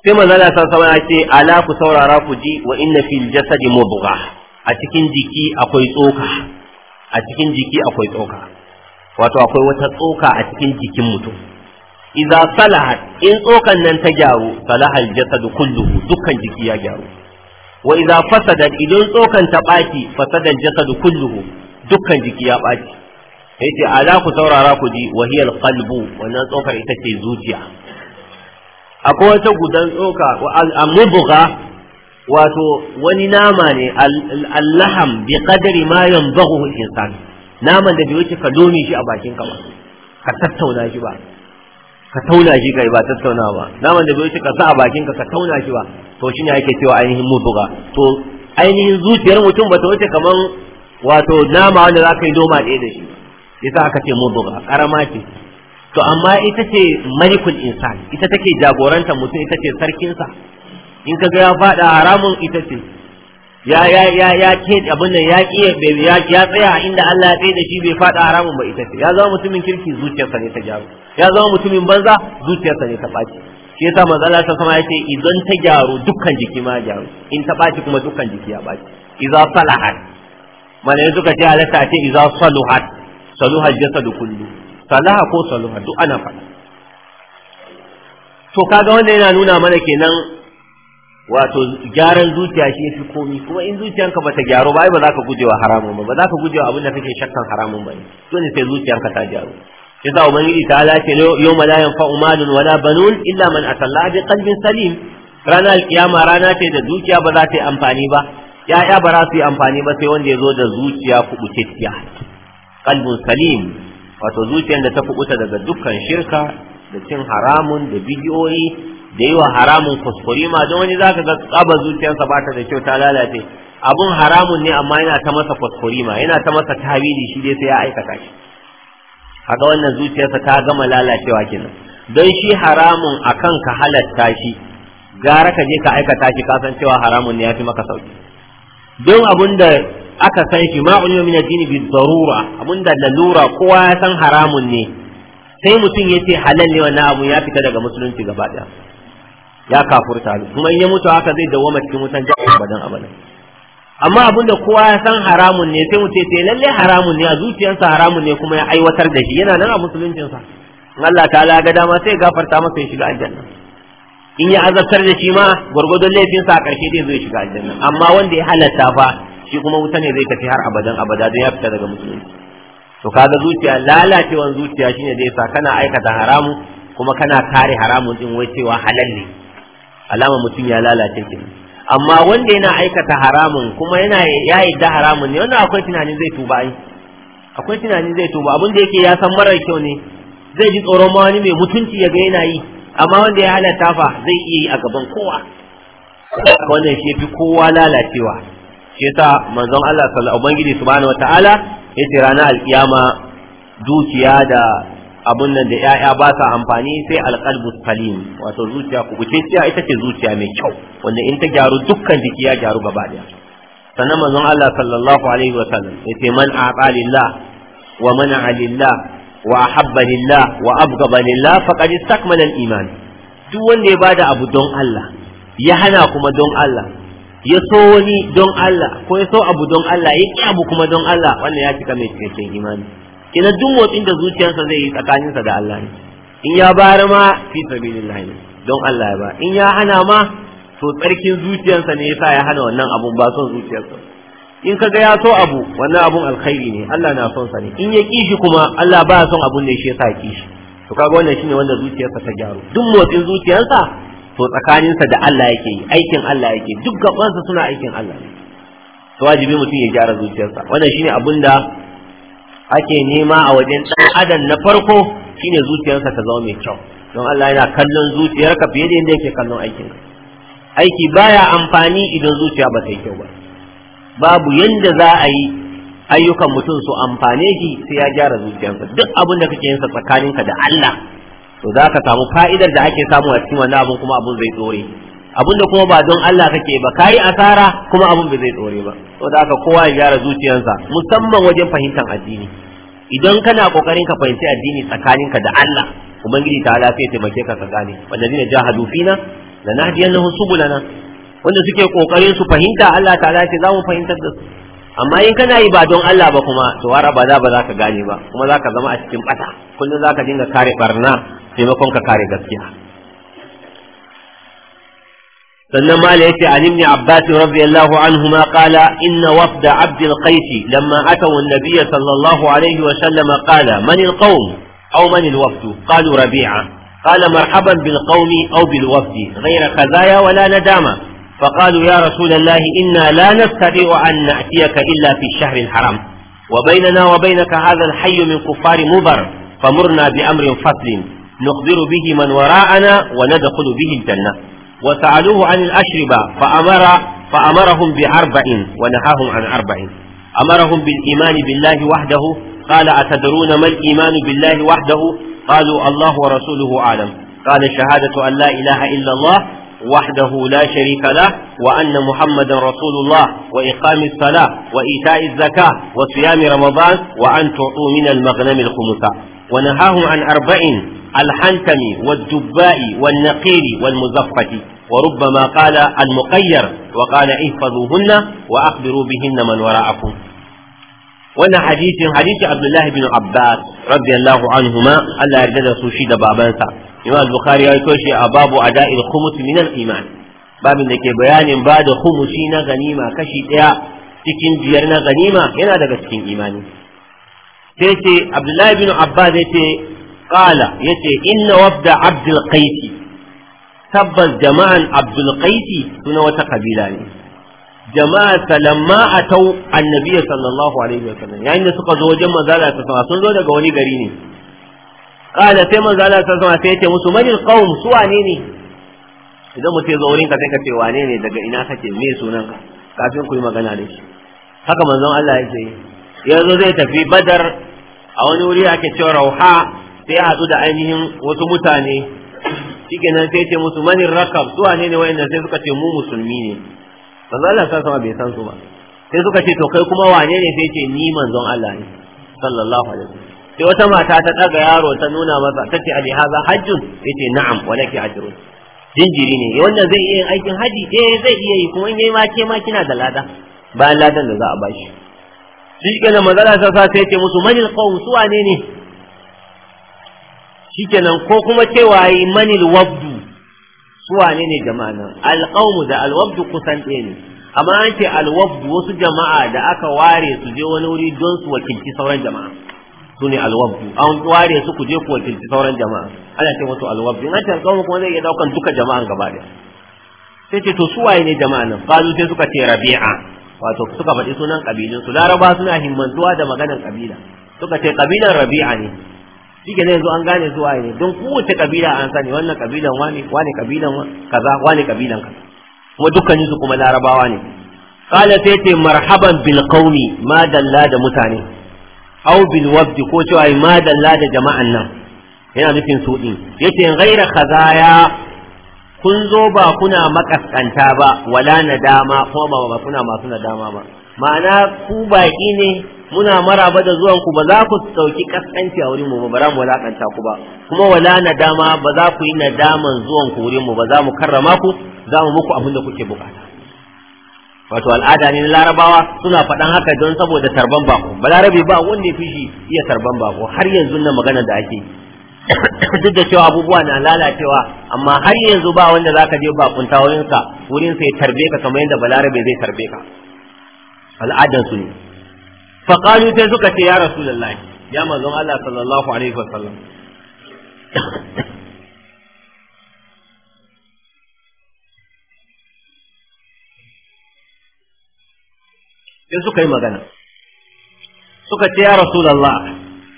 sai manzo Allah sallallahu ya ce ala ku saurara ku ji wa inna fil jasadi mudghah a cikin jiki akwai tsoka a cikin jiki akwai tsoka wato akwai wata tsoka a cikin jikin mutum idza salaha in tsokan nan ta gyaru salahal jasadu kulluhu dukkan jiki ya gyaru wa idza fasada idan tsokan ta baki fasadal jasadu kulluhu dukkan jiki ya baki yace ala ku saurara ku ji wa hiya alqalbu wannan tsokar ita ce zuciya akwai wata gudan tsoka wa al-mubgha wato wani nama ne allaham bi qadari ma yanzahu al-insan naman da bai wuce ka lome shi a bakin ka ba ka tattauna shi ba ka tauna shi kai ba tattauna ba naman da bai wuce ka sa a bakin ka ka tauna shi ba to shi ne ake cewa ainihin buga. to ainihin zuciyar mutum ba ta wuce kaman wato nama wanda za ka yi doma ɗaya da shi yasa aka ce buga karama ce to amma ita ce malikul insan ita take jagorantar mutum ita ce sarkinsa in ka ga ya faɗa haramun ita ce ya ya ya ya ke abin nan ya ya ya tsaya inda Allah ya tsaye da shi bai faɗa haramun ba ita ce ya zama mutumin kirki zuciyarsa ne ta gyaru ya zama mutumin banza zuciyarsa ne ta ɓaci shi yasa manzo Allah ta sama yace idan ta gyaru dukkan jiki ma gyaru in ta ɓaci kuma dukkan jiki ya ɓaci idza salahat malai suka ce halatta ce idza saluhat saluhat jasadu kullu salaha ko saluhat duk ana faɗa to kaga wannan yana nuna mana kenan wato gyaran zuciya shi yafi komi kuma in zuciyanka bata gyaro ba ai ba za ka gujewa haramun ba ba za ka gujewa abin da kake shakkan haramun ba dole sai zuciyanka ta gyaro shi za ubangiji ta ala ce yawma la yanfa'u malun wala banun illa man atalla bi qalbin salim rana alkiyama rana ce da zuciya ba za ta yi amfani ba ya'ya ba za su yi amfani ba sai wanda ya zo da zuciya kubutacciya qalbun salim wato zuciyar da ta kubuta daga dukkan shirka da cin haramun da bidiyoyi da yi wa haramun kuskuri ma don wani zaka ga tsaba zuciyarsa ba ta da kyau ta lalace abun haramun ne amma yana ta masa kuskuri ma yana ta masa tawili shi dai sai ya aikata shi kaga wannan zuciyarsa ta gama lalacewa kenan don shi haramun akan ka halatta shi gara ka je ka aikata shi ka san cewa haramun ne ya fi maka sauki don abun da aka san shi ma ulama min addini bi darura abun da lalura kowa ya san haramun ne sai mutum ya ce halal ne wannan abu ya fita daga musulunci gaba daya ya kafurta kuma in ya mutu haka zai dawoma cikin wutan jahannam abadan abadan amma da kowa ya san haramun ne sai mu sai eh, lalle haramun ne a zuciyarsa haramun ne kuma ya aiwatar da shi yana nan a musuluncinsa in Allah ta'ala ga dama sai gafarta masa ya shiga aljanna in ya azabtar da shi ma gwargwadon laifinsa a ƙarshe zai shiga aljanna amma wanda ya halatta fa shi kuma wuta ne zai tafi har abadan abada don ya fita daga musulunci to kaga zuciya lalacewan zuciya shine da yasa kana aikata haramu kuma kana kare haramun din wai cewa halal ne alama mutum ya lalace ki amma wanda yana aikata haramun kuma yana ya yadda haramun ne wannan akwai tunanin zai tuba ai akwai tunanin zai tuba abin da yake ya san mara kyau ne zai ji tsoron ma wani mai mutunci ya ga yana yi amma wanda ya halatta fa zai iya yi a gaban kowa wannan shi fi kowa lalacewa shi yasa manzon Allah sallallahu alaihi wasallam ubangiji subhanahu wataala yace ranar alkiyama dukiya da abun nan da ‘ya'ya ba sa amfani sai alƙalbu salim wato zuciya kubutacciya ita ce zuciya mai kyau wanda in ta gyaru dukkan jiki ya gyaru gaba ɗaya sannan manzon Allah sallallahu alaihi wa sallam ya ce man aqa wa mana lillah wa ahabba lillah wa abghaba lillah faqad istakmala al-iman duk wanda ya bada abu don Allah ya hana kuma don Allah ya so wani don Allah ko ya so abu don Allah ya ki abu kuma don Allah wannan ya cika mai cikakken imani kina duk motsin da zuciyarsa zai yi tsakaninsa da Allah ne in ya bayar ma fi sabilillah ne don Allah ya ba in ya hana ma to tsarkin zuciyarsa ne yasa ya hana wannan abun ba son zuciyarsa in ka ga ya so abu wannan abun alkhairi ne Allah na son sa ne in ya kishi kuma Allah ba son abun ne shi yasa ya kishi to kaga wannan shine wanda zuciyarsa ta gyaru duk motsin zuciyarsa to tsakaninsa da Allah yake yi aikin Allah yake duk gabansa suna aikin Allah ne to wajibi mutum ya gyara zuciyarsa wannan shine abun da ake nema a wajen ɗan adam na farko shine zuciyarsa ta zama mai kyau don Allah yana kallon zuciyarka fiye da yadda yake kallon aikinka aiki baya amfani idan zuciya ba ta yi kyau ba babu yadda za a yi ayyukan mutum su amfane shi sai ya gyara zuciyarsa duk abin da kake yinsa tsakaninka da Allah to za ka samu fa'idar da ake samu a cikin wannan abun kuma abun zai tsore abinda kuma ba don Allah kake ba kai asara kuma abin ba zai dore ba saboda haka kowa ya gyara zuciyarsa musamman wajen fahimtar addini idan kana kokarin ka fahimci addini tsakaninka da Allah ubangiji ta sai taimake ka tsakani wallazina jahadu fina lanahdiyannahum subulana wanda suke kokarin su fahimta Allah ta'ala ce za mu fahimtar da su amma in kana yi ba don Allah ba kuma to wara ba za ba za ka gane ba kuma za ka zama a cikin bata kullum za ka dinga kare barna taimakon ka kare gaskiya sannan mala عن ابن عباس رضي الله عنهما قال إن وفد عبد القيس لما أتوا النبي صلى الله عليه وسلم قال من القوم أو من الوفد قالوا ربيعة قال مرحبا بالقوم أو بالوفد غير خزايا ولا ندامة فقالوا يا رسول الله إنا لا نستطيع أن نأتيك إلا في الشهر الحرام وبيننا وبينك هذا الحي من كفار مبر فمرنا بأمر فصل نخبر به من وراءنا وندخل به الجنة وسألوه عن الأشربة فأمر فأمرهم بأربع ونهاهم عن أربع أمرهم بالإيمان بالله وحده قال أتدرون ما الإيمان بالله وحده قالوا الله ورسوله أعلم قال شهادة أن لا إله إلا الله وحده لا شريك له وأن محمدا رسول الله وإقام الصلاة وإيتاء الزكاة وصيام رمضان وأن تعطوا من المغنم الخمسة ونهاهم عن أربع الحنتمي والجباء والنقير والمزفة وربما قال المقير وقال احفظوهن وأخبروا بهن من وراءكم وانا حديث حديث عبد الله بن عباس رضي الله عنهما ألا يرجد سوشيد بابانسا إمام البخاري يقول أباب أداء الخمس من الإيمان باب لك بيان بعد خمسين غنيمة كشي cikin biyar na ganima yana daga cikin imani sai ce abdullahi bin abbas ya ce qala yace inna wabda abdul qaisi tabbas jama'an abdul qaisi suna wata kabila ne jama'a salamma atau annabi sallallahu alaihi wasallam yayin da suka zo wajen manzo Allah sun zo daga wani gari ne qala sai manzo Allah sallallahu alaihi sai yace musu manil qaum su wane ne idan mutum zo wurin ka sai wane ne daga ina kake kafin ku yi magana da shi haka Allah zai tafi badar a wani wuri ake cewa rauha sai ya haɗu da ainihin wasu mutane nan sai ce musu manin rakab su wane ne wayannan sai suka ce mu musulmi ne manzo Allah sa sama bai san su ba sai suka ce to kai kuma wane ne sai ce ni manzon Allah ne sallallahu alaihi wasallam sai wata mata ta daga yaro ta nuna masa ta ce ali haza hajjun sai ce na'am wa laki ajrun jinjiri ne wannan zai iya yin aikin haji eh zai iya yi kuma in yayi ma ke ma kina da lada bayan ladan da za a bashi shi kenan manzo Allah sassa sai ce musu manil qawm su wane ne shikenan ko kuma cewa yi manil wabdu su wane ne jama'a nan alqaumu da alwabdu kusan ɗaya ne amma an ce alwabdu wasu jama'a da aka ware su je wani wuri don su wakilci sauran jama'a su ne alwabdu an ware su ku je ku wakilci sauran jama'a ana ce musu alwabdu in an ce alqaumu kuma zai iya daukan duka jama'an gaba ɗaya sai ce to su waye ne jama'a nan kalu sai suka ce rabi'a wato suka faɗi sunan kabilun su laraba suna himmantuwa da maganar kabila suka ce kabilan rabi'a ne shi ke yanzu an gane zuwa ne don kowace kabila an sani wannan kabilan wani wani kabilan kaza wani kabilan kaza kuma dukkanin su kuma larabawa ne qala sai ce marhaban bil qaumi ma dalla da mutane aw bil wabdi ko cewa ma dalla da jama'an nan yana nufin su din yace ghaira khazaya kun zo ba kuna makaskanta ba wala nadama ko ba kuna masu nadama ba ma'ana ku baki ne muna maraba da zuwan ku ba za ku sauki kaskanci a wurin mu ba za mu walakanta ku ba kuma wala nadama ba za ku yi nadaman zuwan ku wurin mu ba za mu karrama ku za mu muku abin da kuke bukata wato al'ada ne na larabawa suna faɗan haka don saboda tarban bako balarabe ba wanda ya fi shi iya tarban bako har yanzu na magana da ake duk da cewa abubuwa na lalacewa amma har yanzu ba wanda zaka je bakunta wurinsa wurinsa ya tarbe ka kamar yadda balarabe zai tarbe ka al'adansu ne faƙalu sai suka ce ya rasulullahi ya manzon Allah sallallahu alaihi wasallam sai suka yi magana suka ce ya rasulullah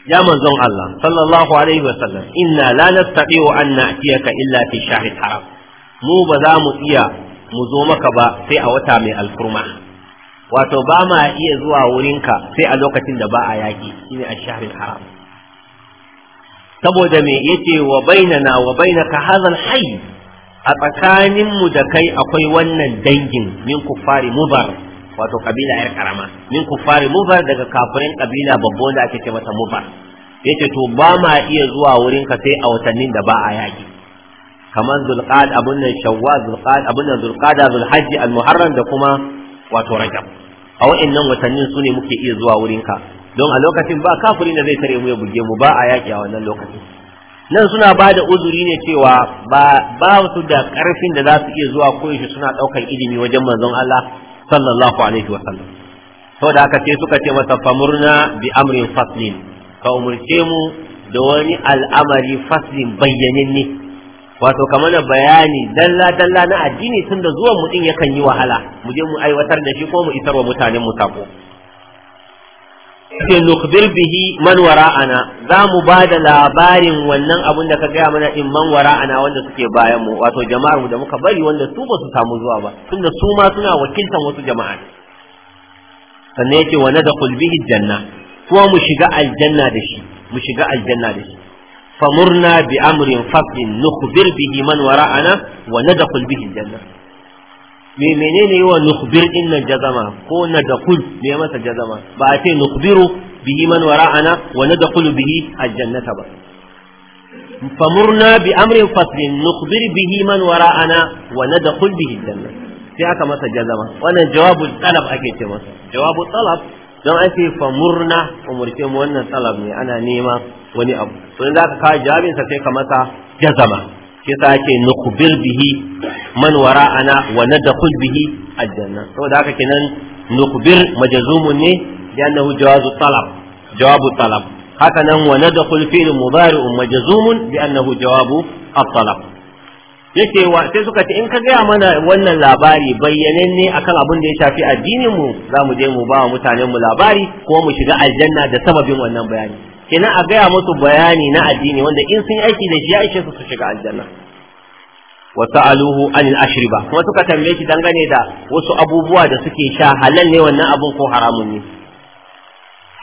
ya manzon Allah sallallahu alaihi wasallam inna la nastati'u an na'tiyaka illa fi shahril haram mu ba za mu iya mu zo maka ba sai a wata mai alfurma wato ba ma iya zuwa wurinka sai a lokacin da ba a yaki shine a shahrul haram saboda me yace wa bainana wa bainaka hadha al-hayy a tsakanin mu da kai akwai wannan dangin min kuffari mubar wato kabila yar karama min kuffari mubar daga kafirin kabila babbo da ake ce mata mudar yace to ba ma iya zuwa wurinka sai a watannin da ba a yaki kamar zulqad abun nan shawwal zulqad abun nan zulqada zulhajj al-muharram da kuma wato rajab a wa'annan watannin su ne muke iya zuwa wurinka don a lokacin ba kafuri da zai tare mu ya buge mu ba a yaƙi a wannan lokacin nan suna ba da uzuri ne cewa ba su da ƙarfin da za su iya zuwa koyaushe suna ɗaukar ilimi wajen manzon Allah sallallahu alaihi wa sallam saboda haka sai suka ce masa famurna bi amrin faslin ka umurce mu da wani al'amari faslin ne. wato kamar bayani dalla dalla na addini tun da zuwan mu din yakan yi wahala mu je mu aiwatar da shi ko mu isar wa mutanen mu sako sai nukbir bihi man wara'ana za mu ba da labarin wannan abun da ka gaya mana in man wara'ana wanda suke bayan mu wato jama'ar mu da muka bari wanda su ba su samu zuwa ba tunda su ma suna wakiltan wasu jama'a sannan yake wa nadkhul bihi janna kuma mu shiga aljanna da shi mu shiga aljanna da shi famurna bi amrin fasin nukhbir bihi man wara'ana wa nadkhul bihi aljanna me menene yawa nukhbir din na jazama ko nadkhul me masa jazama ba a ce nukhbiru bihi man wara'ana wa nadkhul bihi aljannata ba famurna bi amrin fasin nukhbir bihi man wara'ana wa nadkhul bihi sai aka masa jazama wannan ake ce masa don ake ce famurna umurce mu wannan talab ne ana nema wani abu to in zaka kawo jawabin sa sai ka masa jazama shi yasa ake nukbir bihi man wara'ana wa nadkhul bihi aljanna saboda haka kenan nukubir majazumun ne jawabu لأنه Haka nan wa الطلب هكذا وندخل فعل مضارع مجزوم لأنه جواب الطلب yake wa sai suka ce in ka gaya mana wannan labari bayyananne akan abin da ya shafi addinin mu za mu je mu ba wa mutanen mu labari ko mu shiga aljanna da sababin wannan bayani kenan a gaya musu bayani na addini wanda in sun yi aiki da shi ya ishe su su shiga aljanna wa sa'aluhu anil ashriba kuma suka tambaye shi dangane da wasu abubuwa da suke sha halal ne wannan abun ko haramun ne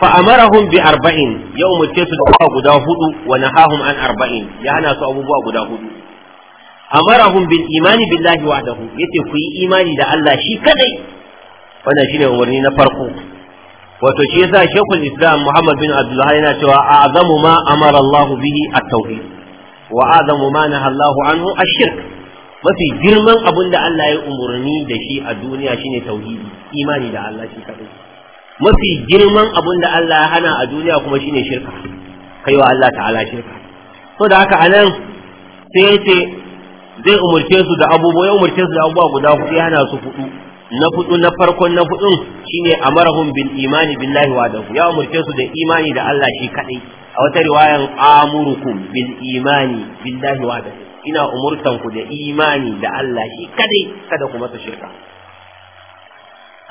fa amarahum bi arba'in ya umurce su da guda hudu wa nahahum an arba'in ya hana su abubuwa guda hudu amarahum bil imani billahi wahdahu yace ku yi imani da Allah shi kadai wannan shine umarni na farko wato shi yasa shekul islam muhammad bin abdullah yana cewa a'zamu ma amara Allah bihi at-tauhid wa a'zamu ma naha Allah anhu ash-shirk mafi girman abin da Allah ya umarni da shi a duniya shine tauhidi imani da Allah shi kadai mafi girman abin da Allah ya hana a duniya kuma shine shirka kaiwa Allah ta'ala shirka to da haka anan sai yace zai umarce su da abubuwa ya umarce su da abubuwa guda hudu yana su hudu na hudu na farkon na hudun shine amarahum bil imani billahi wa dahu ya umarce su da imani da Allah shi kadai a wata riwayan amurukum bil imani billahi wa dahu ina umurtan ku da imani da Allah shi kadai kada ku masa shirka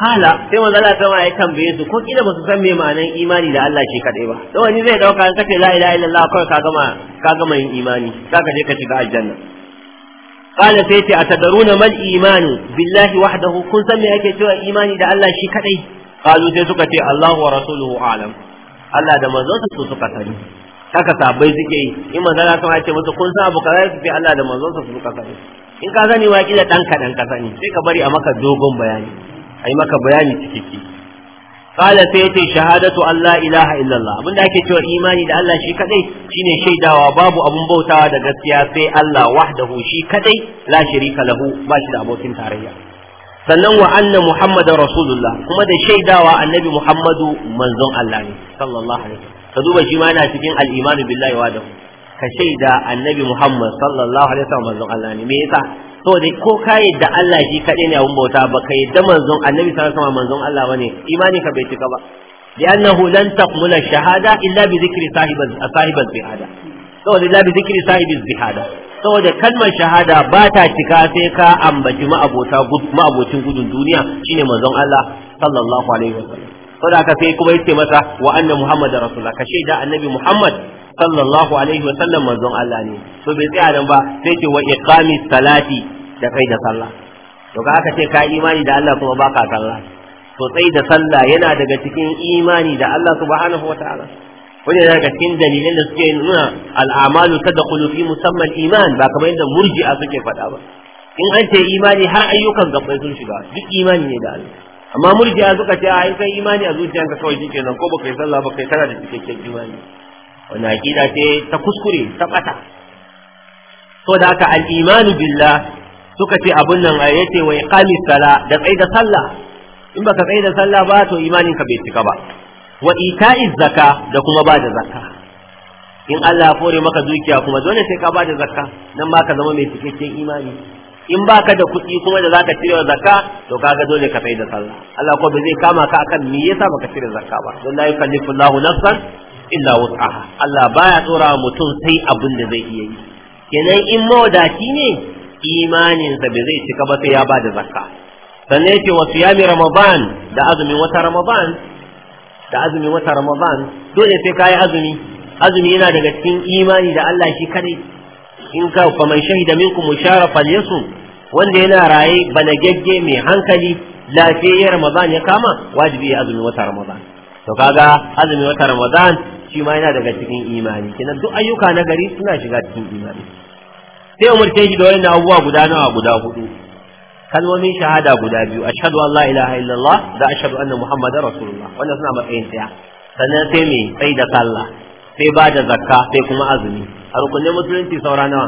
kala sai manzo Allah sama ya tambaye su ko kila basu san me ma'anan imani da Allah shi kadai ba Don wani zai dauka an kace la ilaha illallah kawai ka gama ka gama yin imani zaka je ka shiga aljanna qala sai ce atadaruna man imani billahi wahdahu kun san me yake cewa imani da Allah shi kaɗai? qalu sai suka ce Allahu wa rasuluhu alam Allah da su suka sani haka sabai suke yi in manzon Allah ya musu kun san abu kaza su Allah da manzonsa su suka sani in ka sani wa kila dan kadan ka sani sai ka bari a maka dogon bayani ai maka bayani cikakke qala sai yace shahadatu Allah ilaha abin da ake cewa imani da Allah shi kadai shine shaidawa babu abun bautawa da gaskiya sai Allah wahdahu shi kadai la sharika lahu ba shi da abokin tarayya sannan wa anna muhammadar rasulullah kuma da shaidawa annabi muhammadu manzon Allah ne sallallahu alaihi wasallam ka duba shi ma yana cikin al'imani imanu billahi wa ka shaida annabi muhammad sallallahu alaihi wasallam manzon Allah ne me yasa saboda ko ka yadda Allah shi kaɗai ne abun bauta ba ka yadda manzon annabi sallallahu alaihi wasallam manzon Allah bane imani ka bai cika ba لأنه لن تقبل الشهادة إلا بذكر صاحب صاحب الزهادة saboda la bi zikri sahibi bihada. saboda kalmar shahada ba ta cika sai ka ambaci ma'abota ma'abocin gudun duniya shine manzon Allah sallallahu alaihi wasallam saboda ka sai kuma yace masa wa anna muhammadar rasulullah ka shaida annabi muhammad sallallahu alaihi wa sallam manzon Allah ne to bai tsaya nan ba sai ce wa iqami salati da kai da sallah to ga aka ce ka imani da Allah kuma baka sallah to sai da sallah yana daga cikin imani da Allah subhanahu wataala wani yana daga cikin dalilin da suke nuna al'amalu tadkhulu fi musamman iman ba kamar yadda murji'a suke faɗa ba in an ce imani har ayyukan gabbai sun shiga duk imani ne da Allah amma murji'a suka ce a in kai imani a zuciyanka kawai shikenan ko baka yi sallah ba kai tana da cikakken imani wannan aqida ce ta kuskure ta bata to da haka al imani billah suka ce abun nan a yace wa iqamis sala da tsaida sallah in baka tsaida sallah ba to imanin ka bai cika ba wa ita'i zaka da kuma ba da zakka in Allah fore maka dukiya kuma dole sai ka ba da zakka nan ma ka zama mai cikakken imani in baka da kuɗi kuma da zaka cire zakka to kaga dole ka tsaida sallah Allah ko bai zai kama ka akan me yasa baka cire zakka ba don la kalli Fulahu nafsan illa wus'aha Allah baya tsora mutum sai abin da zai iya yi kenan in mawadaci ne imaninsa bai zai cika ba sai ya bada zakka sannan yake wa siyami ramadan da azumin wata ramadan da azumin wata ramadan dole sai kai azumi azumi yana daga cikin imani da Allah shi kadai in ka fa man shahida minkum mushara falyasum wanda yana raye bana banagegge mai hankali lafiyayyar ramadan ya kama wajibi ya azumin wata ramadan to kaga azumin wata ramadan shi ma yana daga cikin imani kenan duk ayyuka na gari suna shiga cikin imani sai umurce shi da wannan abubuwa guda nawa guda hudu kalmomin shahada guda biyu ashhadu an la ilaha illallah da ashhadu anna muhammadar rasulullah wannan suna matsayin tsaya sannan sai mai sai da sallah sai ba da zakka sai kuma azumi a rukunin musulunci saura nawa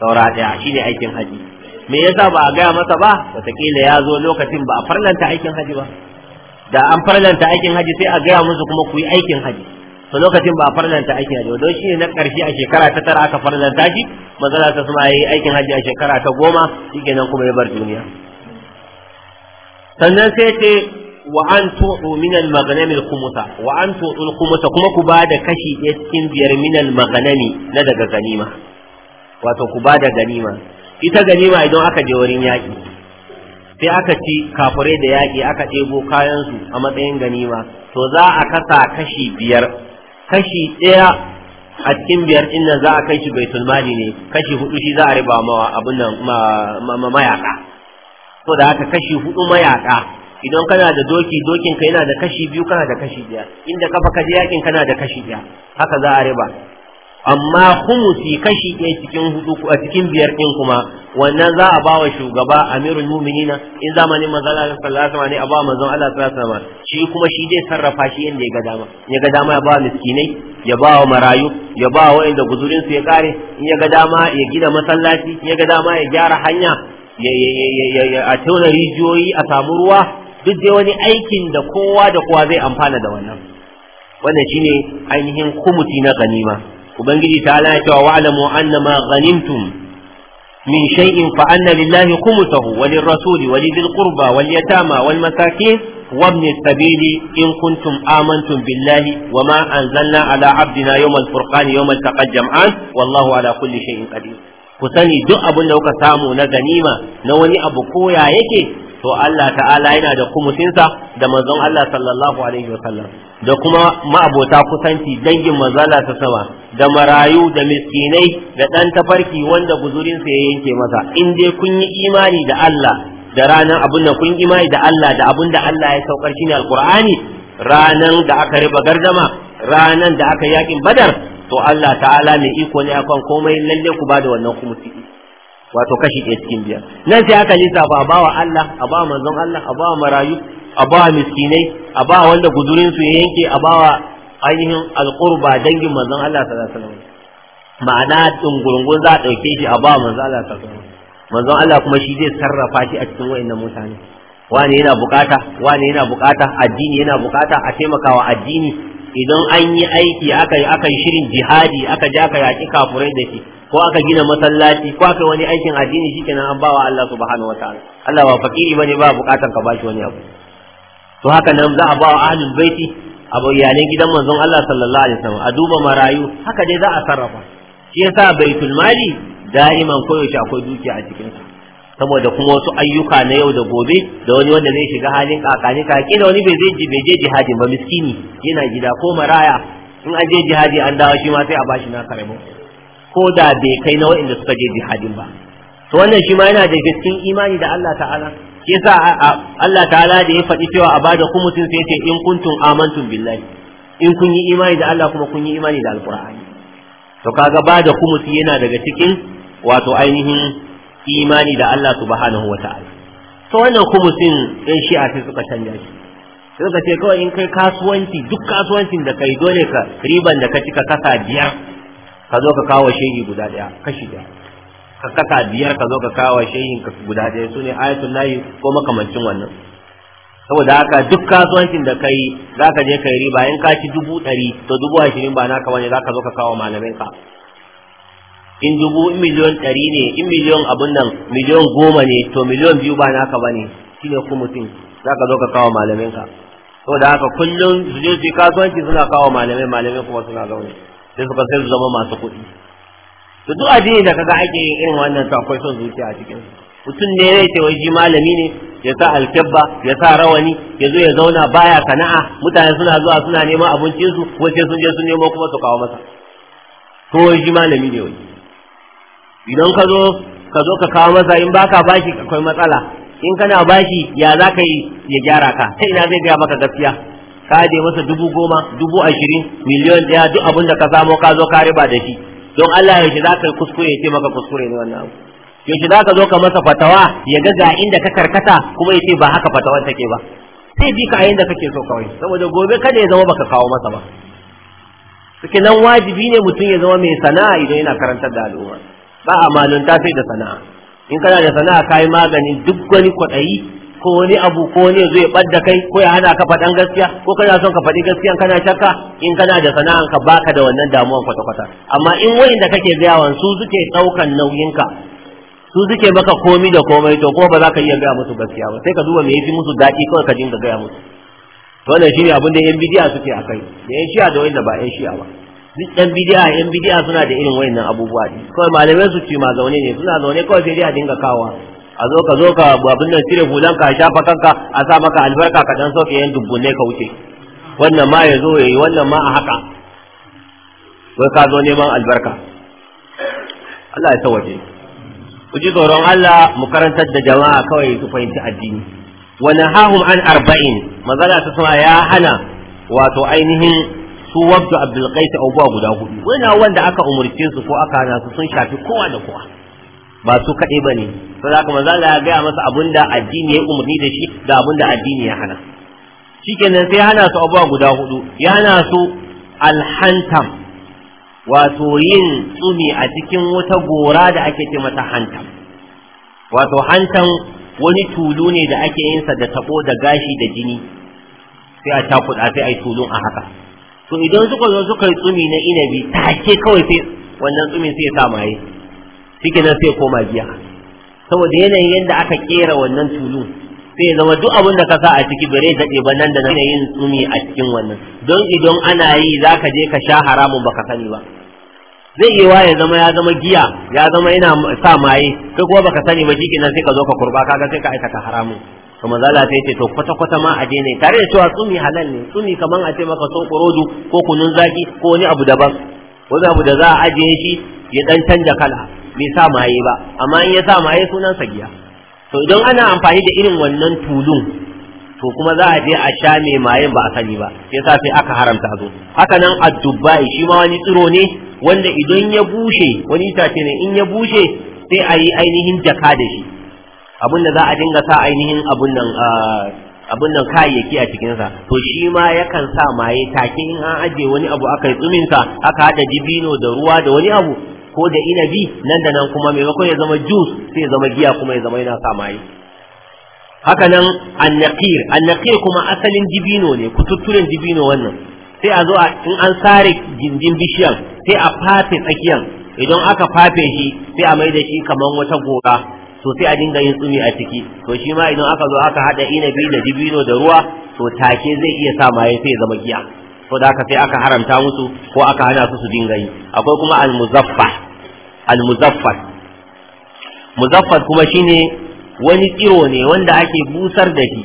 saura daya ne aikin haji me yasa ba a gaya masa ba wataƙila ya zo lokacin ba a farlanta aikin haji ba da an farlanta aikin haji sai a gaya musu kuma ku yi aikin haji to lokacin ba farlanta aikin hajji don shi na karshe a shekara ta tara aka farlanta shi manzala ta suna yi aikin hajji a shekara ta goma nan kuma ya bar duniya sannan sai ce wa an tu'u min al kumuta wa an tu'u kumuta kuma ku ba da kashi ɗaya cikin biyar minal maganami na daga ganima wato ku ba da ganima ita ganima idan aka je wurin yaƙi sai aka ci kafure da yaƙi aka ɗebo kayansu a matsayin ganima to za a kasa kashi biyar kashi ɗaya a cikin biyar ɗin nan za a kai shi baitul mali ne kashi hudu shi za a riba ma abun nan mayaka to da haka kashi hudu mayaka idan kana da doki dokin ka yana da kashi biyu kana da kashi biyar inda kafa ka je yakin kana da kashi biyar haka za a riba amma humusi kashi ɗaya cikin hudu a cikin biyar ɗin kuma wannan za a ba wa shugaba amirul muminina in zamanin manzon Allah sallallahu alaihi wasallam ne a ba manzon Allah sallallahu alaihi wasallam shi kuma shi zai sarrafa shi yadda ya ga dama ya ga dama ya ba miskinai ya ba wa marayu ya ba wa wa'inda guzurin su ya kare in ya ga dama ya gina masallaci in ya ga dama ya gyara hanya a tauna rijiyoyi a samu ruwa duk dai wani aikin da kowa da kowa zai amfana da wannan wannan shine ainihin kumuti na ganima ubangiji ta ala cewa wa'lamu annama ghanimtum min shay'in fa anna lillahi kumu tahu, lirrasuli rasuli, lidhil qurba walyatama yatama وابن السبيل إن كنتم آمنتم بالله وما أنزلنا على عبدنا يوم الفرقان يوم التقى الجمعان والله على كل شيء قدير ku sani duk abin da kuka samu na ganima na wani abu koya yake to Allah ta'ala yana da kumusinsa da manzon Allah sallallahu alaihi wasallam da kuma ma'abota kusanci dangin mazala ta sama da marayu da miskinai da ɗan tafarki wanda guzurinsa ya yanke masa in dai kun yi imani da Allah da ranan abun da kun imani da Allah da abun da Allah ya saukar ne alqur'ani ranan da aka riba gardama ranan da aka yakin badar to Allah ta'ala mai iko ne akan komai lalle ku bada wannan kuma wato kashi ɗaya cikin biyar nan sai aka lissafa a bawa Allah a bawa manzon Allah a bawa marayu a bawa miskinai a bawa wanda guzurin su ya yanke a bawa ainihin alqurba dangin manzon Allah sallallahu alaihi wasallam ma'ana dungurungun za a ɗauke shi a bawa manzon Allah sallallahu alaihi wasallam manzon Allah kuma shi zai sarrafa shi a cikin wayannan mutane wani yana bukata wani yana bukata addini yana bukata a taimakawa addini idan an yi aiki aka yi aka yi shirin jihadi aka ja ka yaki kafurai da shi ko aka gina masallaci ko aka wani aikin addini shikenan an bawa Allah subhanahu wataala Allah ba fakiri bane ba bukatan ka bashi wani abu to haka nan za a bawa ahlul baiti abu bayyanai gidan manzon Allah sallallahu alaihi wasallam a duba marayu haka dai za a sarrafa shi yasa baitul mali da'iman koyaushe akwai dukiya a cikinsa saboda kuma wasu ayyuka na yau da gobe da wani wanda zai shiga halin kakani ka kila wani bai zai bai je jihadin ba miskini yana gida ko maraya in aje je jihadi an dawo shi ma sai a bashi na karamin ko da bai kai na wa'inda suka je jihadin ba to wannan shi ma yana da cikin imani da Allah ta'ala Ke yasa Allah ta'ala da ya faɗi cewa a bada ku mutum sai ce in kuntum amantum billahi in kun yi imani da Allah kuma kun yi imani da alqur'ani to kaga bada ku mutum yana daga cikin wato ainihin imani da Allah subhanahu wa ta'ala to wannan kumusin ɗan shi'a sai suka canja shi sai suka ce kawai in kai kasuwanci duk kasuwancin da kai dole ka riban da ka ci ka kasa biyar ka zo ka kawo shehi guda ɗaya kashi ɗaya ka kasa biyar ka zo ka kawo shehin guda ɗaya su ne ayatul lahi ko makamancin wannan saboda haka duk kasuwancin da kai za ka je kai riba in ka ci dubu ɗari to dubu ashirin ba naka bane za ka zo ka kawo malamin ka in dubu in miliyon ɗari ne in miliyon abun nan miliyon goma ne to miliyon biyu ba naka ba ne shi ne ku mutum za ka zo ka kawo malaminka to da haka kullum su je su yi kasuwanci suna kawo malamai malamai kuma suna zaune sai suka sai su zama masu kuɗi to duk addini da kaga ake yin irin wannan to akwai son zuciya a cikin mutum ne ya ce wai shi malami ne ya sa alkebba ya sa rawani ya zo ya zauna baya sana'a mutane suna zuwa suna neman abincinsu ko sai sun je sun nemo kuma su kawo masa to wai shi malami ne wai idan ka zo ka zo ka kawo masa in baka bashi akwai matsala in kana bashi ya za ka yi ya gyara ka ta ina zai gaya maka gaskiya ka je masa dubu goma dubu ashirin miliyon ɗaya duk abin da ka samo ka zo ka riba da shi don Allah yaushe za ka yi kuskure ya ce maka kuskure ne wannan abu yaushe za ka zo ka masa fatawa ya ga ga inda ka karkata kuma ya ce ba haka fatawar take ba sai bi ka a yanda kake so kawai saboda gobe kada ya zama baka kawo masa ba suke nan wajibi ne mutum ya zama mai sana'a idan yana karantar da al'umma ba a malin sai da sana'a in kana da sana'a kai magani duk wani kwaɗayi ko wani abu ko wani zai ɓadda kai ko ya hana ka faɗan gaskiya ko kana son ka faɗi gaskiya kana shakka in kana da sana'an ka baka da wannan damuwan kwata-kwata amma in da kake gayawan su suke ɗaukan nauyinka su suke maka komi da komai to ko ba za ka iya gaya musu gaskiya ba sai ka duba me yafi musu daɗi kawai ka dinga gaya musu to wannan shine abin da yan bidiya suke akai da yan shi'a da wanda ba yan shi'a ba duk yan bidiya yan bidiya suna da irin wayannan abubuwa ne kawai malamai su ci ma zaune ne suna zaune kawai sai dai a dinga kawa a zo ka zo ka abin nan cire hulan ka shafa kanka a sa maka albarka ka dan sauke yan dubbunai ka wuce wannan ma ya zo yayi wannan ma a haka wai ka zo neman albarka Allah ya tawaje ku ji tsoron Allah mu karantar da jama'a kawai su fahimci addini wa nahahum an arba'in magana ta suna ya hana wato ainihin su wabdu abdul qais abubuwa guda hudu wani wanda aka umurce su ko aka hana su sun shafi kowa da kowa ba su kaɗai ba ne sai za manzo Allah ya gaya masa abin da addini ya umarni da shi da abin da addini ya hana shikenan sai hana su abubuwa guda hudu ya hana su alhantam wato yin tsumi a cikin wata gora da ake ce mata hantam wato hantam wani tulu ne da ake yinsa da tabo da gashi da jini sai a takuda sai a yi tulun a haka to idan suka zo suka yi tsumi na inabi ta take kawai sai wannan tsumin sai ya sa maye shike nan sai koma giya saboda yanayin yadda aka kera wannan tulu sai ya zama duk abin da ka sa a ciki bare daɗe ba nan da nan yin tsumi a cikin wannan don idan ana yi za ka je ka sha haramun baka sani ba zai iya ya zama ya zama giya ya zama yana sa maye kai kuma baka sani ba shike nan sai ka zo ka kurba kaga sai ka aikata haramun to manzo Allah sai ce to kwata kwata ma a daina tare da cewa tsumi halal ne tsumi kaman a ce maka so korodu ko kunun zaki ko wani abu daban wani abu da za a ajiye shi ya dan canja kala bai sa maye ba amma in ya sa maye sunan sa giya to idan ana amfani da irin wannan tulun to kuma za a je a sha mai mayen ba a sani ba sa sai aka haramta zo haka nan addubai shi ma wani tsiro ne wanda idan ya bushe wani itace ne in ya bushe sai a yi ainihin jaka da shi abin da za a dinga sa ainihin abun nan abun nan kayayyaki a cikinsa, to shi ma yakan sa maye take in an aje wani abu aka yi tsumin aka hada dibino da ruwa da wani abu ko da inabi nan da nan kuma maimakon ya zama juice sai ya zama giya kuma ya zama yana sa maye haka nan annaqir annaqir kuma asalin dibino ne kututturen dibino wannan sai a zo a in an sare gindin bishiyan sai a fafe tsakiyan idan aka fafe shi sai a mai da shi kamar wata gora to sai a dinga yin tsumi a ciki to shi ma idan aka zo aka hada inabi da dibino da ruwa to take zai iya sa maye sai zama giya to da aka sai aka haramta musu ko aka hana su su dinga yi akwai kuma al-muzaffa al-muzaffar muzaffa kuma shine wani tsiro ne wanda ake busar da shi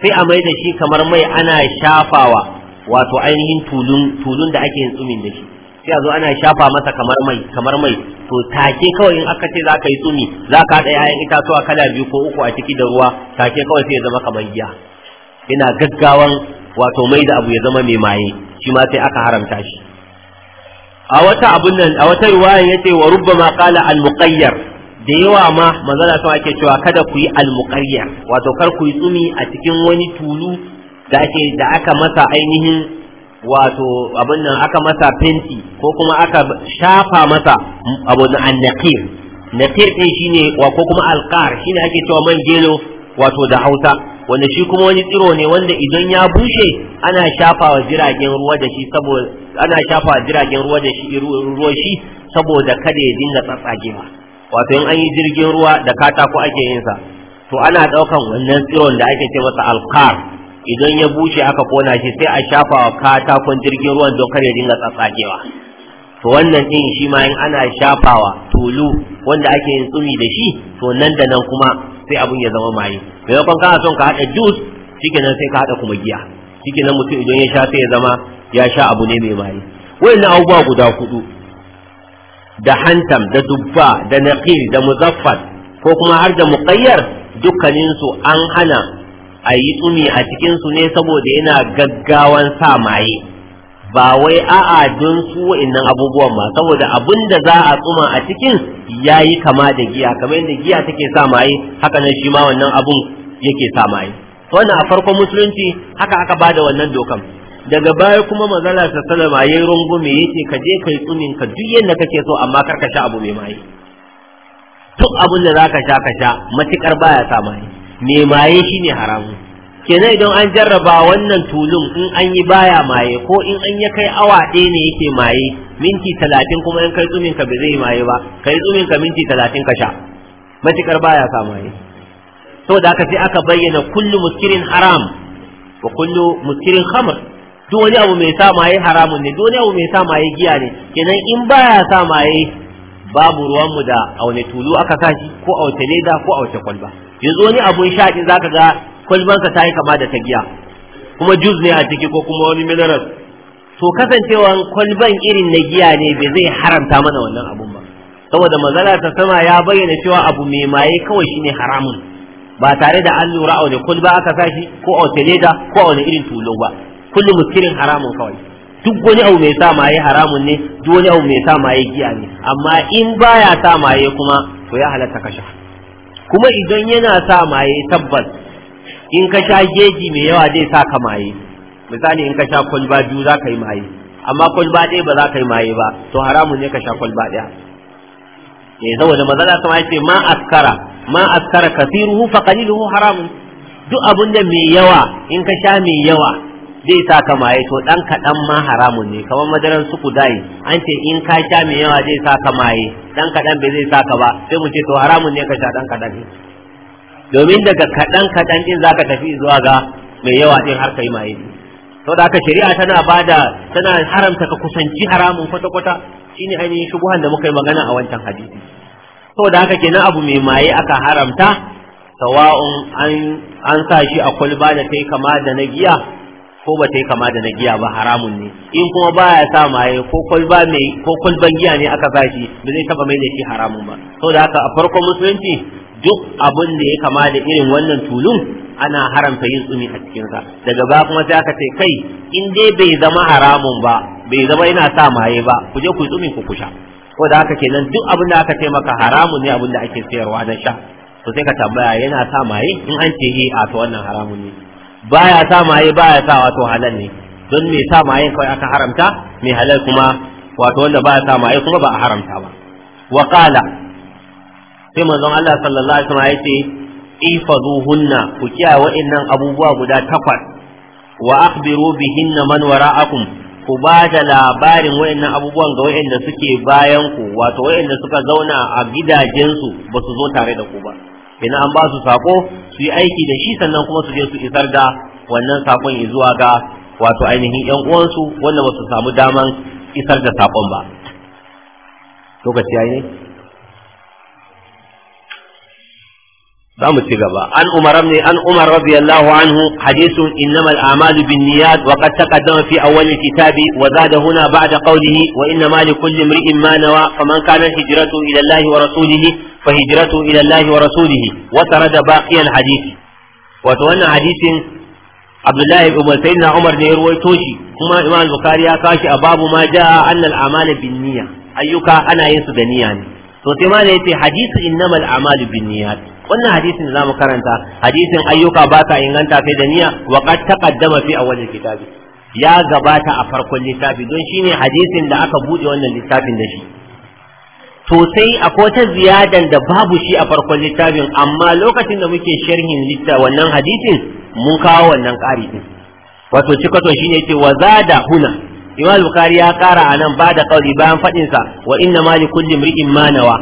sai a mai da shi kamar mai ana shafawa wato ainihin tulun tulun da ake yin tsumin da shi sai a zo ana shafa masa kamar mai kamar mai to take kawai in aka ce za ka yi tsumi za ka haɗa ‘ya'yan itatuwa kala biyu ko uku a ciki da ruwa take kawai sai ya zama kamar giya ina gaggawan wato mai da abu ya zama mai maye shi ma sai aka haramta shi a wata abun nan a wata ya yace wa rubbama qala al muqayyar da yawa ma manzala sun ake cewa kada ku yi al muqayyar wato kar ku yi tsumi a cikin wani tulu da ake da aka masa ainihin wato abin nan aka masa fenti ko kuma aka shafa masa abu na annaqir naqir din shine wa ko kuma alqar shine ake cewa man gelo wato da Hausa wanda shi kuma wani tsiro ne wanda idan ya bushe ana shafa jiragen ruwa da shi saboda ana shafa jiragen ruwa da shi ruwa shi saboda kada ya dinga tsatsagewa wato in an yi jirgin ruwa da katako ake yin sa to ana daukan wannan tsiron da ake ce masa alqar idan ya bushe aka kona shi sai a shafa wa katakon jirgin ruwan don kar ya dinga tsatsagewa to wannan din shi ma in ana shafawa tulu wanda ake yin tsumi da shi to nan da nan kuma sai abun ya zama maye maimakon kana son ka haɗa juice shikenan sai ka haɗa kuma giya shikenan mutum idan ya sha sai ya zama ya sha abu ne mai maye na abubuwa guda hudu da hantam da dubba da naqil da muzaffar ko kuma har da muqayyar dukkaninsu an hana a yi tsumi a cikinsu ne saboda yana gaggawan sa maye ba wai a'a don su wa'innan abubuwan ba saboda abin da za a tsuma a cikin ya yi kama da giya kamar yadda giya take sa maye haka nan shi ma wannan abun yake sa maye wannan a farkon musulunci haka aka bada wannan dokan daga baya kuma mazala ta sallama yayi rungume yace ka je kai tsumin ka duk yadda kake so amma kar ka sha abu mai maye duk abin da zaka sha ka sha matukar baya sa maye mai maye shi ne haramu kenan idan an jarraba wannan tulun in an yi baya maye ko in an ya kai awa ɗaya ne yake maye minti talatin kuma in kai tsumin ka ba zai maye ba kai tsumin ka minti talatin ka sha matukar baya sa maye saboda haka sai aka bayyana kullu muskirin haram wa kullu muskirin khamr duk wani abu mai sa maye haramun ne duk wani abu mai sa maye giya ne kenan in baya sa maye babu ruwanmu da a tulu aka sa shi ko a leda ko a wace kwalba yanzu wani abun sha za ka ga kwalbansa ta yi kama da ta giya kuma juice ne a ciki ko kuma wani mineral to kasancewan kwalban irin na giya ne bai zai haramta mana wannan abun ba saboda manzala ta sama ya bayyana cewa abu mai maye kawai shine haramun ba tare da an lura a wani kwalba aka sashi ko a wata leda ko a wani irin tulo ba kullum muskirin haramun kawai duk wani abu mai sa maye haramun ne duk wani abu mai sa maye giya ne amma in baya sa maye kuma to ya halatta kasha kuma idan yana sa maye tabbas in ka sha geji mai yawa zai sa ka maye misali in ka sha kwalba biyu za ka yi maye amma kwalba ɗaya ba za ka yi maye ba to haramun ne ka sha kwalba ɗaya E, saboda mazala sama yace ma askara ma askara kathiruhu fa qaliluhu haramun duk abin da mai yawa in ka sha mai yawa zai sa ka maye to dan kaɗan ma haramun ne kamar madaran ku dai an ce in ka sha mai yawa zai sa ka maye dan kaɗan bai zai sa ka ba sai mu ce to haramun ne ka sha dan kaɗan domin daga kaɗan kaɗan din zaka tafi zuwa ga mai yawa din har kai maye saboda haka shari'a tana bada tana haramta ka kusanci haramun kwata kwata shine ainihin shubuhan da muka yi magana a wancan hadisi saboda haka kenan abu mai maye aka haramta sawa'un an an sa shi a kwalba da kai kama da na giya ko ba ta yi kama da na giya ba haramun ne in kuma ba ya sa maye ko kwalba ko kwalban giya ne aka sashi ba zai taba mai da shi haramun ba da haka a farkon musulunci duk abin da ya kama da irin wannan tulun ana haramta yin tsumi a cikinsa daga ba kuma sai aka ce kai in dai bai zama haramun ba bai zama yana sa maye ba ku je ku yi tsumi ku kusha ko da haka kenan duk abin da aka ce maka haramun ne abin da ake sayarwa na sha to ka tambaya yana sa maye in an ce eh, a to wannan haramun ne baya sa maye baya sa wato halal ne don me sa maye kawai aka haramta me halal kuma wato wanda baya sa maye kuma ba a haramta ba wa qala sai manzon Allah sallallahu alaihi wasallam yace ifazuhunna ku kiyaye wa'annan abubuwa guda takwas wa akhbiru bihinna man wara'akum ku ba da labarin wa'annan abubuwan ga wa'anda suke bayan ku wato wa'anda suka zauna a gidajensu ba su zo tare da ku ba kenan an ba su sako su yi aiki da shi sannan kuma su je su isar da wannan sakon zuwa ga wato ainihin yan uwansu wanda ba su samu daman isar da sakon ba lokaci yayi ne za mu ci gaba an umar ne an umar radiyallahu anhu hadithun innamal a'malu binniyat wa qad taqaddama fi awwal kitabi wa zada huna ba'da qawlihi wa innama likulli imrin ma nawa faman kana hijratu ila allahi wa rasulihi fa hijratu ila Allah wa rasulihi wa tarada baqiyan hadisi wannan hadisin Abdullahi ibn Sayyidina Umar ne ya ruwaito shi kuma Imam Bukhari ya kashi a babu ma jaa annal a'mal bin niyya ayyuka ana yin su da niyya ne to sai ma ne yace hadisu innamal a'malu bin niyyat wannan hadisin zamu karanta hadisin ayyuka ba ta inganta sai da niyya wa qad taqaddama fi ya gabata a farkon littafi don shine hadisin da aka bude wannan littafin da shi to sai akwai ta ziyadan da babu shi a farkon littafin amma lokacin da muke sharhin litta wannan hadisin mun kawo wannan ƙari din wato cikato shine yace wa zada huna Imam Bukhari ya ƙara anan ba da kauli bayan fadin sa wa inna ma li kulli mri'in ma nawa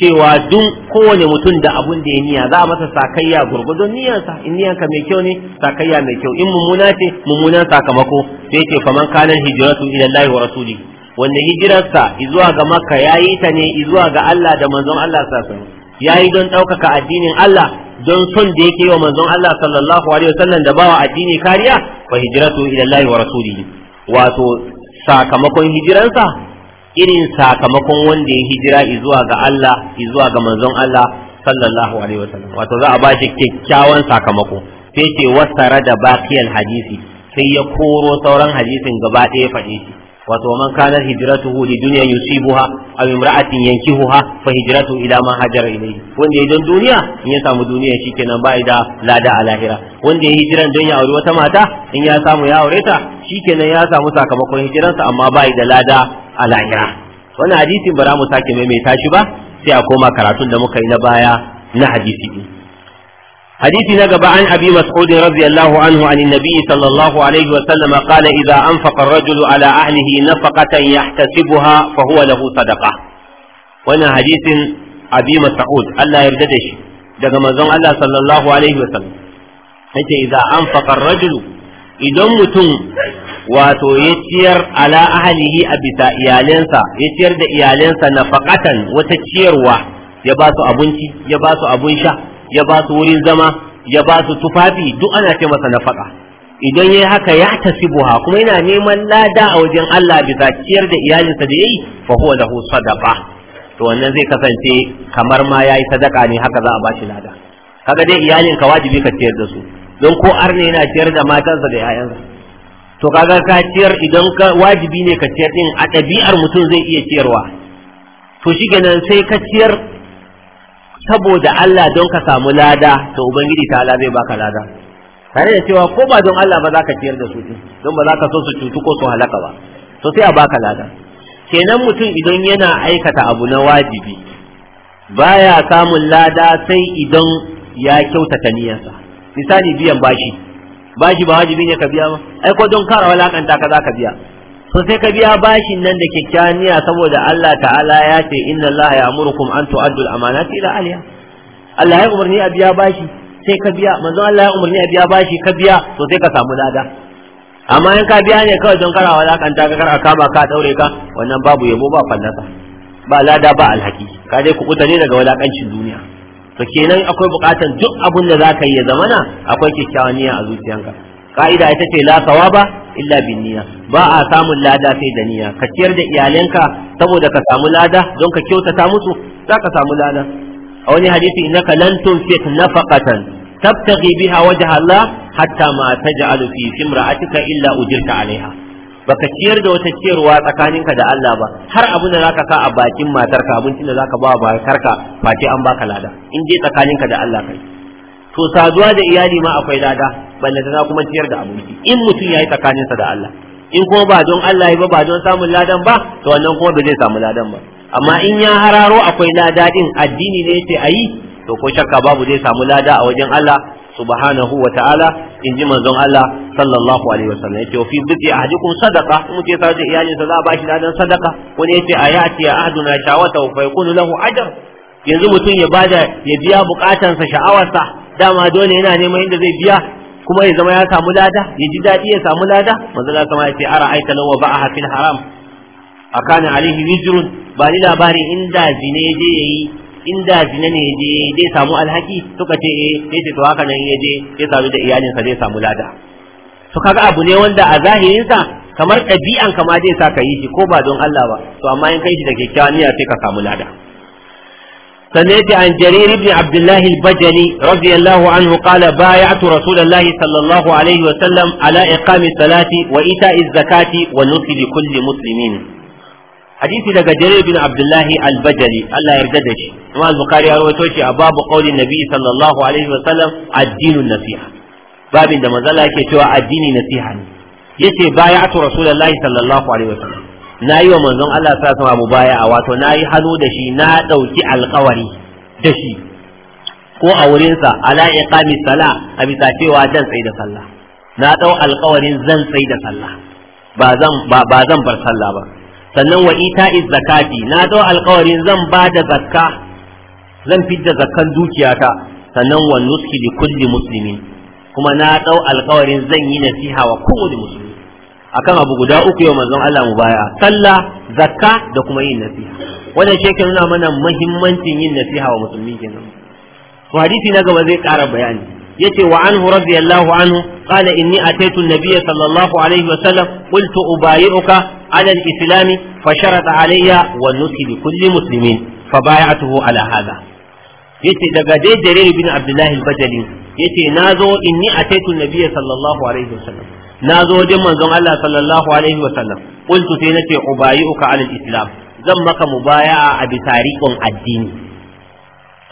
cewa duk kowane mutum da abun da ya niya za a masa sakayya gurgudun sa in ka mai kyau ne sakayya mai kyau in mummuna ce mummunan sakamako sai ce faman kanan hijratu ila Allah wa rasulihi wanda hijirarsa zuwa ga Makka yayi ta ne zuwa ga Allah da manzon Allah sallallahu alaihi wasallam yayi don ɗaukaka addinin Allah don son da yake wa manzon Allah sallallahu alaihi wasallam da bawa addini kariya fa hijratu ila Allah wa rasulihi wato sakamakon hijiransa irin sakamakon wanda ya hijira zuwa ga Allah zuwa ga manzon Allah sallallahu alaihi wasallam wato za a ba shi kyakkyawan sakamako sai ke wasara da baqiyal hadisi sai ya koro sauran hadisin gaba ɗaya faɗe shi wato man kana hijratuhu li dunya yusibuha aw imra'atin yankihuha fa hijratu ila ma hajara ilayhi wanda ya duniya in ya samu duniya shikenan bai da lada a lahira wanda ya hijiran don ya aure wata mata in ya samu ya aure ta shikenan ya samu sakamakon sa, amma ba da lada a lahira wannan ba za mu sake maimaita shi ba sai a koma karatun da muka yi na baya na hadisi حديث نقب عن أبي مسعود رضي الله عنه عن النبي صلى الله عليه وسلم قال إذا أنفق الرجل على أهله نفقة يحتسبها فهو له صدقة وانا حديث أبي مسعود ألا يرددش دقم زن الله صلى الله عليه وسلم أنت إذا أنفق الرجل إذا متم wato ya ciyar ala ahalihi a bisa iyalensa ya ciyar da iyalensa nafaqatan wata ciyarwa ya ba su abinci ya ba su abun sha ya ba su wurin zama ya ba su tufafi duk ana ce masa nafaka idan yayi haka ya tasibuha kuma yana neman lada a wajen Allah bisa ciyar da iyalinsa da yayi fa huwa lahu sadaqa to wannan zai kasance kamar ma yayi sadaka ne haka za a ba shi lada kaga dai iyalin ka wajibi ka ciyar da su don ko arne yana ciyar da matansa da yayansa to kaga ka ciyar idan ka wajibi ne ka ciyar din a ɗabi'ar mutum zai iya ciyarwa to shi kenan sai ka ciyar saboda Allah don ka samu lada to ubangiji ta Allah zai baka lada tare da cewa ko ba don Allah ba za ka ciyar da su don ba za ka so su cutu ko su halaka ba to sai a baka lada kenan mutum idan yana aikata abu na wajibi baya samun lada sai idan ya kyautata niyyarsa misali biyan bashi bashi ba wajibi ne ka biya ba ai ko don kara walakanta ka za ka biya to sai ka biya bashin nan da kyakkyawan niyya saboda Allah ta'ala ya ce inna Allah ya'murukum an tu'addu al-amanati ila ahliha Allah ya umarni a biya bashi sai ka biya manzo Allah ya umarni a biya bashi ka biya to sai ka samu lada amma in ka biya ne kawai don karawa lakanta ka kar a kama ka daure ka wannan babu yabo ba fallasa ba lada ba alhaki ka dai ku ne daga wadakancin duniya to kenan akwai bukatan duk abun da za ka yi ya zamana akwai kyakkyawan niyya a zuciyanka ka'ida ita ce la sawaba illa bin niyya ba a samun lada sai da niyya ka ciyar da iyalanka saboda ka samu lada don ka kyautata musu za ka samu lada a wani hadisi innaka lan tunfiq nafaqatan tabtaghi biha wajha Allah hatta ma taj'alu fi imra'atika illa ujirta 'alaiha baka ciyar da wata ciyarwa tsakaninka da Allah ba har abin da zaka sa a bakin matarka abincin da zaka ba wa matarka face an baka lada in je tsakaninka da Allah kai to saduwa da iyali ma akwai lada za kuma ciyar da abinci in mutum ya yi tsakaninsa da Allah in kuma ba don Allah ya ba ba don samun ladan ba to wannan kuma ba zai samu ladan ba amma in ya hararo akwai lada din addini ne yace ayi to ko shakka babu zai samu lada a wajen Allah subhanahu wa ta'ala in ji manzon Allah sallallahu alaihi wasallam yace fi bidi ahdikum sadaqa in mutum ya iyali iyalinsa za a ba shi ladan sadaqa wani yace ayati ya ahduna shawata fa yakunu lahu ajr yanzu mutum ya bada ya biya bukatansa sha'awarsa dama dole yana neman inda zai biya kuma ya zama ya samu lada ya ji daɗi ya samu lada manzo Allah sama ya ara aita lawa ba'aha fil haram akana alaihi wizrun ba ni labari inda zine je yayi inda zine ne je zai samu alhaki suka ce eh sai ce to haka nan ya je ya samu da iyalinsa zai samu lada to kaga abu ne wanda a zahirinsa kamar ɗabi'an kama zai sa ka yi shi ko ba don Allah ba to amma in kai shi da kyakkyawa niyya sai ka samu lada سمعت عن جرير بن عبد الله البجلي رضي الله عنه قال بايعت رسول الله صلى الله عليه وسلم على إقام الصلاة وإيتاء الزكاة والنصح لكل مسلمين حديث لك جرير بن عبد الله البجلي الله يرددش ما البخاري أروتوشي باب قول النبي صلى الله عليه وسلم الدين النصيحة باب عندما ذلك الدين نصيحة يتي بايعت رسول الله صلى الله عليه وسلم na yi wa manzon Allah sa sama mu baya a wato na yi hannu da shi na ɗauki alkawari da shi ko a wurinsa ala iqami sala a bisa cewa zan tsaye da sallah na ɗau alkawarin zan tsaye da sallah ba zan ba zan bar sallah ba sannan wa iz zakati na ɗau alkawarin zan ba da zakka zan fidda zakkan dukiyata sannan wa nuski li kulli muslimin kuma na ɗau alkawarin zan yi nasiha wa kowane musulmi akan abu guda uku yau manzon Allah mu baya sallah zakka da kuma yin nasiha wannan shi ke nuna mana muhimmancin yin nasiha wa musulmi kenan to hadisi na gaba zai ƙara bayani yace wa anhu radiyallahu anhu qala inni ataitu an-nabiy sallallahu alaihi wa sallam qultu ubayi'uka ala al-islam fa sharata alayya wa nusi bi kulli muslimin fa bay'atuhu ala hadha yace daga dai jarir bin abdullahi al-bajali yace nazo inni ataitu an-nabiy sallallahu alaihi wa sallam na zo wajen manzon Allah sallallahu alaihi wa sallam qultu sai nace ubayuka alal islam zan maka mubaya'a a bisa riƙon addini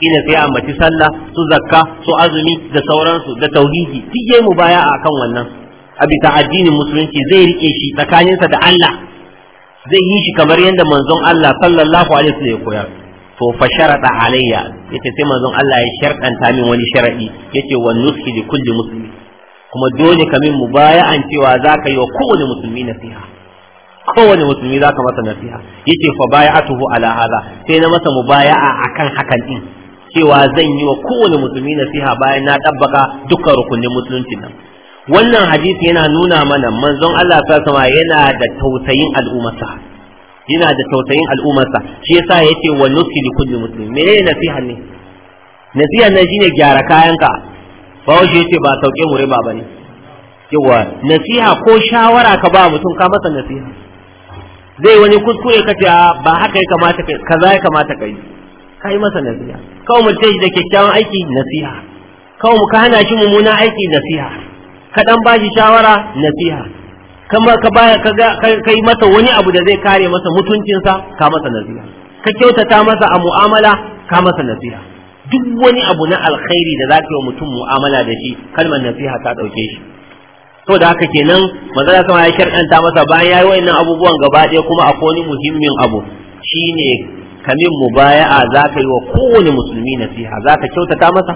ina sai a mace sallah su zakka su azumi da sauransu da tauhidi duk yayi mubaya'a akan wannan a bisa addinin musulunci zai rike shi tsakaninsa da Allah zai yi shi kamar yadda manzon Allah sallallahu alaihi wa ya koyar to fa sharada alayya yace sai manzon Allah ya sharɗanta min wani sharadi yace wa nuski li kulli muslim kuma dole ka min mubaya'an cewa za ka yi wa kowane musulmi nasiha kowane musulmi za ka masa nasiha yace fa baya ala hadha sai na masa mubaya'a akan hakan din cewa zan yi wa kowane musulmi nasiha bayan na ɗabbaka dukkan rukunin musulunci nan wannan hadisi yana nuna mana manzon Allah ta sama yana da tausayin al'ummarsa yana da tausayin al'ummarsa shi yasa yace wa nuski li kulli muslim menene nasiha ne nasiha ne shine gyara kayanka ya ce ba sauke mu riba bane yawa nasiha ko shawara ka ba mutum ka masa nasiha zai wani kuskure ka ce ba haka ya kamata kai kaza ya kamata kai kai masa nasiha kawo mu ce da kyakkyawan aiki nasiha kawo mu ka hana shi mummuna aiki nasiha ka dan ba shi shawara nasiha kama ka ba ka kai masa wani abu da zai kare masa mutuncinsa ka masa nasiha ka kyautata masa a mu'amala ka masa nasiha duk wani abu na alkhairi da za yi wa mutum mu'amala da shi kalmar nasiha ta ɗauke shi to da haka kenan manzala sama ya sharɗanta masa bayan ya yi wa'annan abubuwan gaba ɗaya kuma akwai wani muhimmin abu shine kamin mubaya'a za ka yi wa kowane musulmi nasiha za ka kyautata masa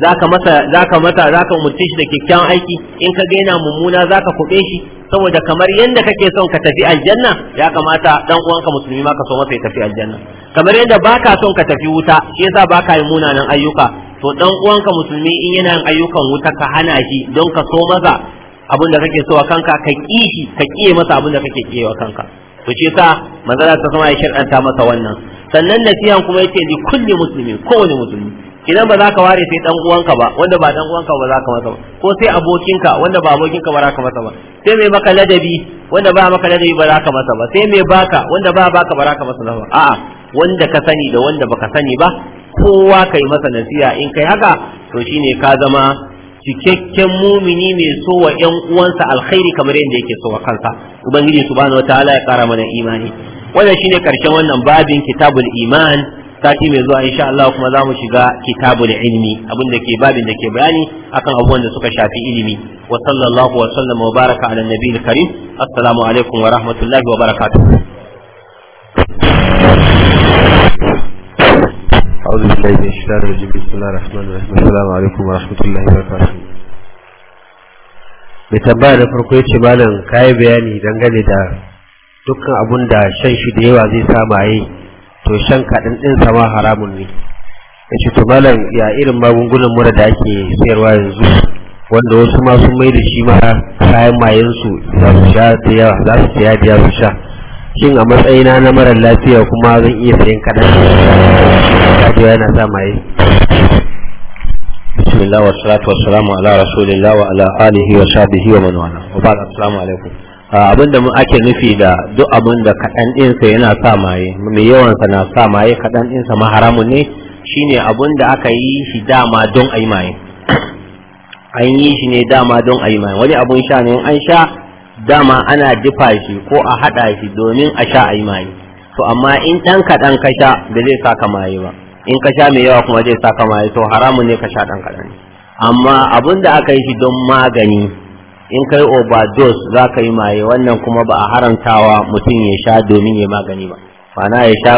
zaka masa zaka masa zaka umurce shi da kyakkyawan aiki in ka ga yana mummuna zaka kuɓe shi saboda kamar yanda kake son ka tafi aljanna ya kamata dan uwanka musulmi ma ka so masa ya tafi aljanna kamar yanda baka son ka tafi wuta shi yasa baka yi munanan ayyuka to dan uwanka musulmi in yana yin ayyukan wuta ka hana shi don ka so masa abin da kake so a kanka ka ki shi ka kiye masa abin da kake ƙiye wa kanka to shi yasa manzala ta sama ya shar'anta masa wannan sannan nasiha kuma yace li kulli muslimin kowane musulmi idan ba za ka ware sai dan uwanka ba wanda ba dan uwanka ba za ka masa ba ko sai abokinka wanda ba abokinka ba za ka masa ba sai mai maka ladabi wanda ba maka ladabi ba za ka masa ba sai mai baka wanda ba baka ba za ka masa ba a'a wanda ka sani da wanda baka sani ba kowa kai masa nasiha in kai haka to shine ka zama cikakken mumini mai so wa ƴan uwansa alkhairi kamar yadda yake so wa kansa ubangiji subhanahu wataala ya kara mana imani wannan shine karshen wannan babin kitabul iman sati mai zuwa insha Allah kuma za mu shiga kitabul ilmi abin da ke babin da ke bayani akan abubuwan da suka shafi ilimi wa sallallahu wa sallama wa baraka ala nabiyil karim assalamu alaikum wa rahmatullahi wa barakatuh أعوذ بالله من الشيطان الرجيم بسم الله الرحمن الرحيم السلام عليكم ورحمة الله وبركاته mai tambaya na farko ya ce malam kayi bayani dangane da dukkan abun da shan shi da yawa zai sa maye to shan kaɗin ɗin sama haramun ne ya ce to malam ya irin magungunan mura da ake sayarwa yanzu wanda wasu ma sun mai da shi ma kayan mayensu za su sha da yawa za su saya da su sha shin a matsayina na marar lafiya kuma zan iya sayan kaɗan kaɗewa yana sa maye bismillah wa salatu wa salamu ala rasulillah wa ala alihi wa sahbihi wa man wala wa ba'd assalamu alaikum Ah, abin da ake nufi da duk abin da kaɗan ɗinsa yana sa maye mai yawansa na sa maye kaɗan ɗinsa ma haramun ne shine abin da aka yi shi dama don a yi maye an yi shi ne dama don a yi maye wani abun sha ne an sha dama ana jifa shi ko a haɗa shi domin a sha a yi maye to amma in ɗan kaɗan ka sha da zai sa ka maye ba in ka sha mai yawa kuma zai sa ka maye to haramun ne ka sha ɗan kaɗan amma abin da aka yi shi don magani in kai obados za ka yi maye wannan kuma ba a harantawa mutum ya sha domin ya magani ba mana ya sha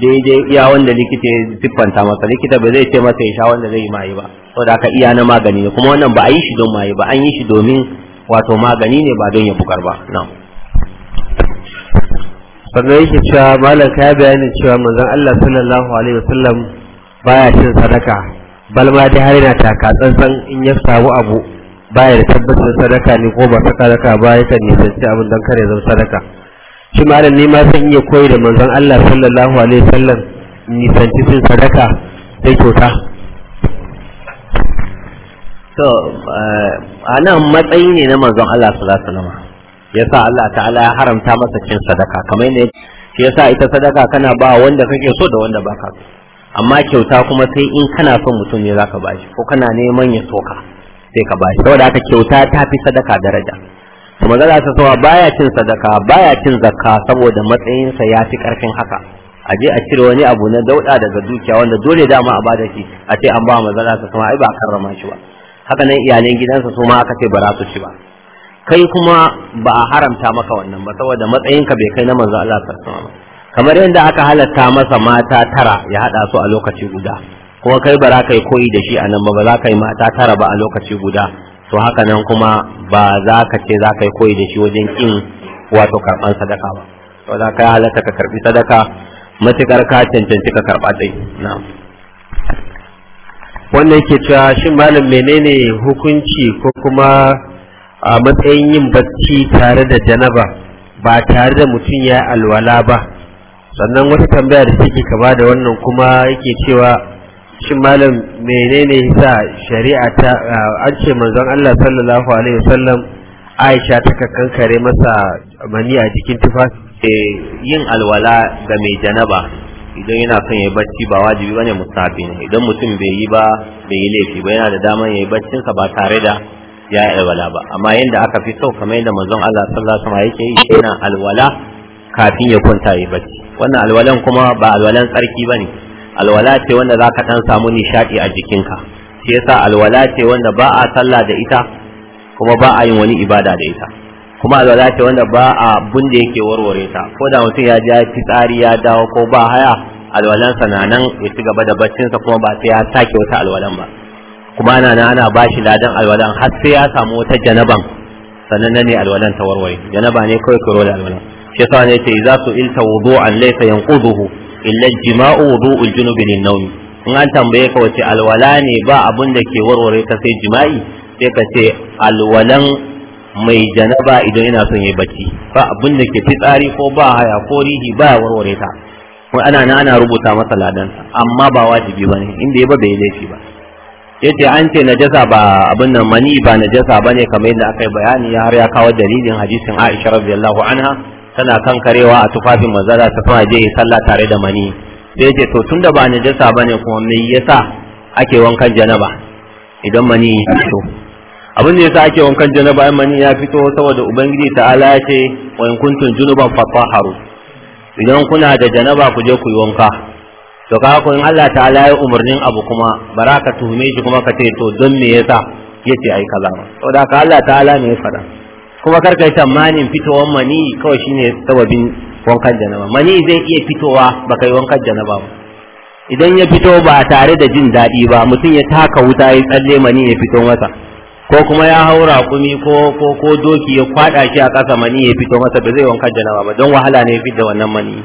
daidai iya wanda likita ya siffanta masa likita ba zai ce masa ya sha wanda zai yi maye ba saboda haka iya na magani ne kuma wannan ba a yi shi don maye ba an yi shi domin wato magani ne ba don ya bukar ba na'am sannan yake cewa malam ka bayani cewa manzon Allah sallallahu alaihi wasallam baya cin sadaka balma dai har yana taka tsantsan in ya samu abu baya da tabbatar sadaka ne ko ba sadaka ba yakan nisanci abin don kare zama sadaka shi malam ne ma san iya koyi da manzon Allah sallallahu alaihi wasallam nisanci sun sadaka sai kyauta to eh, a nan matsayi ne na manzon Allah sallallahu alaihi wasallam yasa Allah ta'ala ya haramta masa cin sadaka kamar ne shi yasa ita sadaka kana ba wanda kake so da wanda baka so amma kyauta kuma sai in kana son mutum ne zaka bashi ko kana neman ya soka sai ka shi saboda haka kyauta ta fi sadaka daraja to za ta sasawa baya cin sadaka baya cin zakka saboda matsayinsa ya fi karfin haka a je a cire wani abu na dauda daga dukiya wanda dole dama a bada shi a ce an ba za ta sasawa ai ba karrama shi ba haka nan iyalan gidansa su ma aka ce ba za su ci ba kai kuma ba a haramta maka wannan ba saboda matsayinka bai kai na manzo Allah sallallahu alaihi wasallam kamar yadda aka halatta masa mata tara ya hada su a lokaci guda kuma kai ba za ka yi koyi da shi a nan ba ba za ka yi mata tara ba a lokaci guda to haka nan kuma ba za ka ce za ka yi koyi da shi wajen kin wato karɓan sadaka ba to za ka yi halatta ka karɓi sadaka matuƙar ka cancanci ka karɓa dai na'am wannan ke cewa shin malam menene hukunci ko kuma a matsayin yin bacci tare da janaba ba tare da mutum ya alwala ba sannan wata tambaya da take ba da wannan kuma yake cewa shin malam menene sa shari'a ta an ce manzon Allah sallallahu alaihi wasallam Aisha ta kankare masa mani a jikin tufafi eh, yin alwala ga mai janaba idan yana son yayi bacci ba wajibi bane mustahabi ne idan mutum bai yi ba bai yi laifi ba yana da daman yayi baccin sa ba tare da ya yi alwala ba amma yanda aka fi so kamar yadda manzon Allah sallallahu alaihi wasallam yake yi yana alwala kafin ya kwanta yayi bacci wannan alwalan kuma ba alwalan tsarki bane alwala ce wanda za ka ɗan samu nishaɗi a jikinka shi yasa alwala ce wanda ba a sallah da ita kuma ba a yin wani ibada da ita kuma alwala ce wanda ba a da yake warware ta ko da mutum ya ji ya fitsari ya dawo ko ba haya alwalansa na nan ya ci gaba da baccinsa kuma ba sai ya sake wata alwalan ba kuma ana nan ana ba shi ladan alwalan har sai ya samu wata janaban sannan nan ne alwalan ta warware janaba ne kawai kuro da alwalan shi yasa ne ce idza su ilta wudu'an laysa yanquduhu illa jima'u wudu'ul junubi lin nawmi in an tambaye ka wace alwala ne ba abun da ke warware ta sai jima'i sai ka ce alwalan mai janaba idan ina son yi bacci ba abun da ke fitsari ko ba haya ko rihi ba warware ta ko ana ana rubuta masa ladan amma ba wajibi bane inda ya ba bai laifi ba yace an ce najasa ba abin nan mani ba najasa bane kamar yadda aka yi bayani har ya kawo dalilin hadisin Aisha radiyallahu anha tana kankarewa a tufafin manzala ta fara je sallah tare da mani sai ce to tunda ba jasa bane kuma me yasa ake wankan janaba idan mani ya fito abin da yasa ake wankan janaba idan mani ya fito saboda ubangiji ta'ala ya ce wa in kuntum junuban fatahharu idan kuna da janaba ku je ku yi wanka to kaga ko in Allah ta'ala ya umarnin abu kuma baraka tuhume shi kuma ka ce to don me yasa yace ai kaza saboda ka Allah ta'ala me ya faɗa kuma karka yi tamanin fitowar mani kawai shine sababin wankan janaba mani zai iya fitowa ba kai wankan janaba ba idan ya fito ba tare da jin daɗi ba mutum ya taka wuta ya tsalle mani ya fito masa ko kuma ya haura kumi ko ko ko doki ya kwada shi a ƙasa mani ya fito masa ba zai wankan janaba ba don wahala ne ya fita wannan mani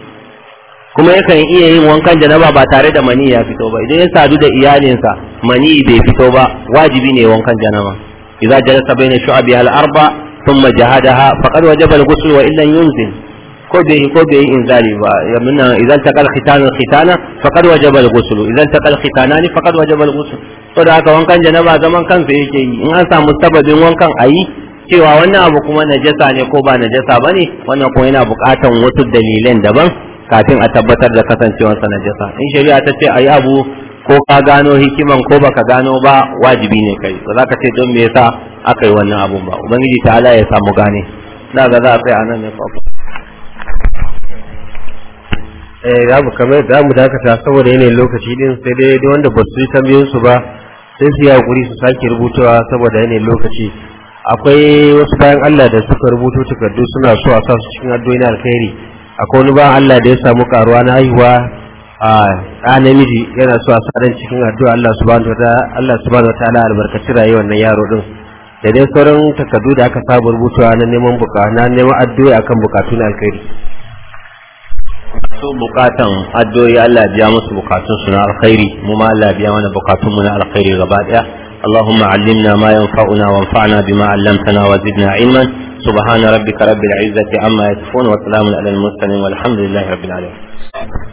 kuma yakan iya yin wankan janaba ba tare da mani ya fito ba idan ya sadu da iyalinsa mani bai fito ba wajibi ne wankan janaba idza jalasa baina shu'abi al arba ثم جهدها فقد وجب الغسل وإن لم ينزل كوبي كوبي إنزالي منا إذا التقى الختان الختانة فقد وجب الغسل إذا التقى الختانان فقد وجب الغسل to da haka wankan janaba zaman kansa yake yi in an samu sababin wankan ayi cewa wannan abu kuma najasa ne ko ba najasa bane wannan kuma yana buƙatan wasu dalilan daban kafin a tabbatar da kasancewarsa najasa in shari'a ta ce ayi abu ko ka gano hikiman ko baka gano ba wajibi ne kai ba za ka ce don me yasa aka yi wannan abun ba ubangiji ta ala ya samu gane na ga za a tsaya nan ne fafa eh za mu kamar da mu dakata saboda yanayin lokaci din sai dai da wanda ba su yi tambayoyin su ba sai su yi hakuri su sake rubutawa saboda yanayin lokaci akwai wasu bayan Allah da suka rubuto takardu suna so a sa su cikin addu'o'in alkhairi akwai wani bayan Allah da ya samu karuwa na haihuwa a ɗa namiji yana so a sadan cikin addu'a Allah subhanahu wataala Allah subhanahu wataala albarkaci rayuwar nan yaro din da dai sauran takardu da aka saba rubutuwa na neman buka na neman addu'a akan bukatu na alkhairi su bukatan addu'o'i Allah biya musu bukatun su na alkhairi mu ma Allah biya mana bukatun mu na alkhairi gaba daya اللهم علمنا ما ينفعنا وانفعنا بما علمتنا وزدنا علما سبحان ربك رب العزة عما يصفون وسلام على المرسلين والحمد لله رب العالمين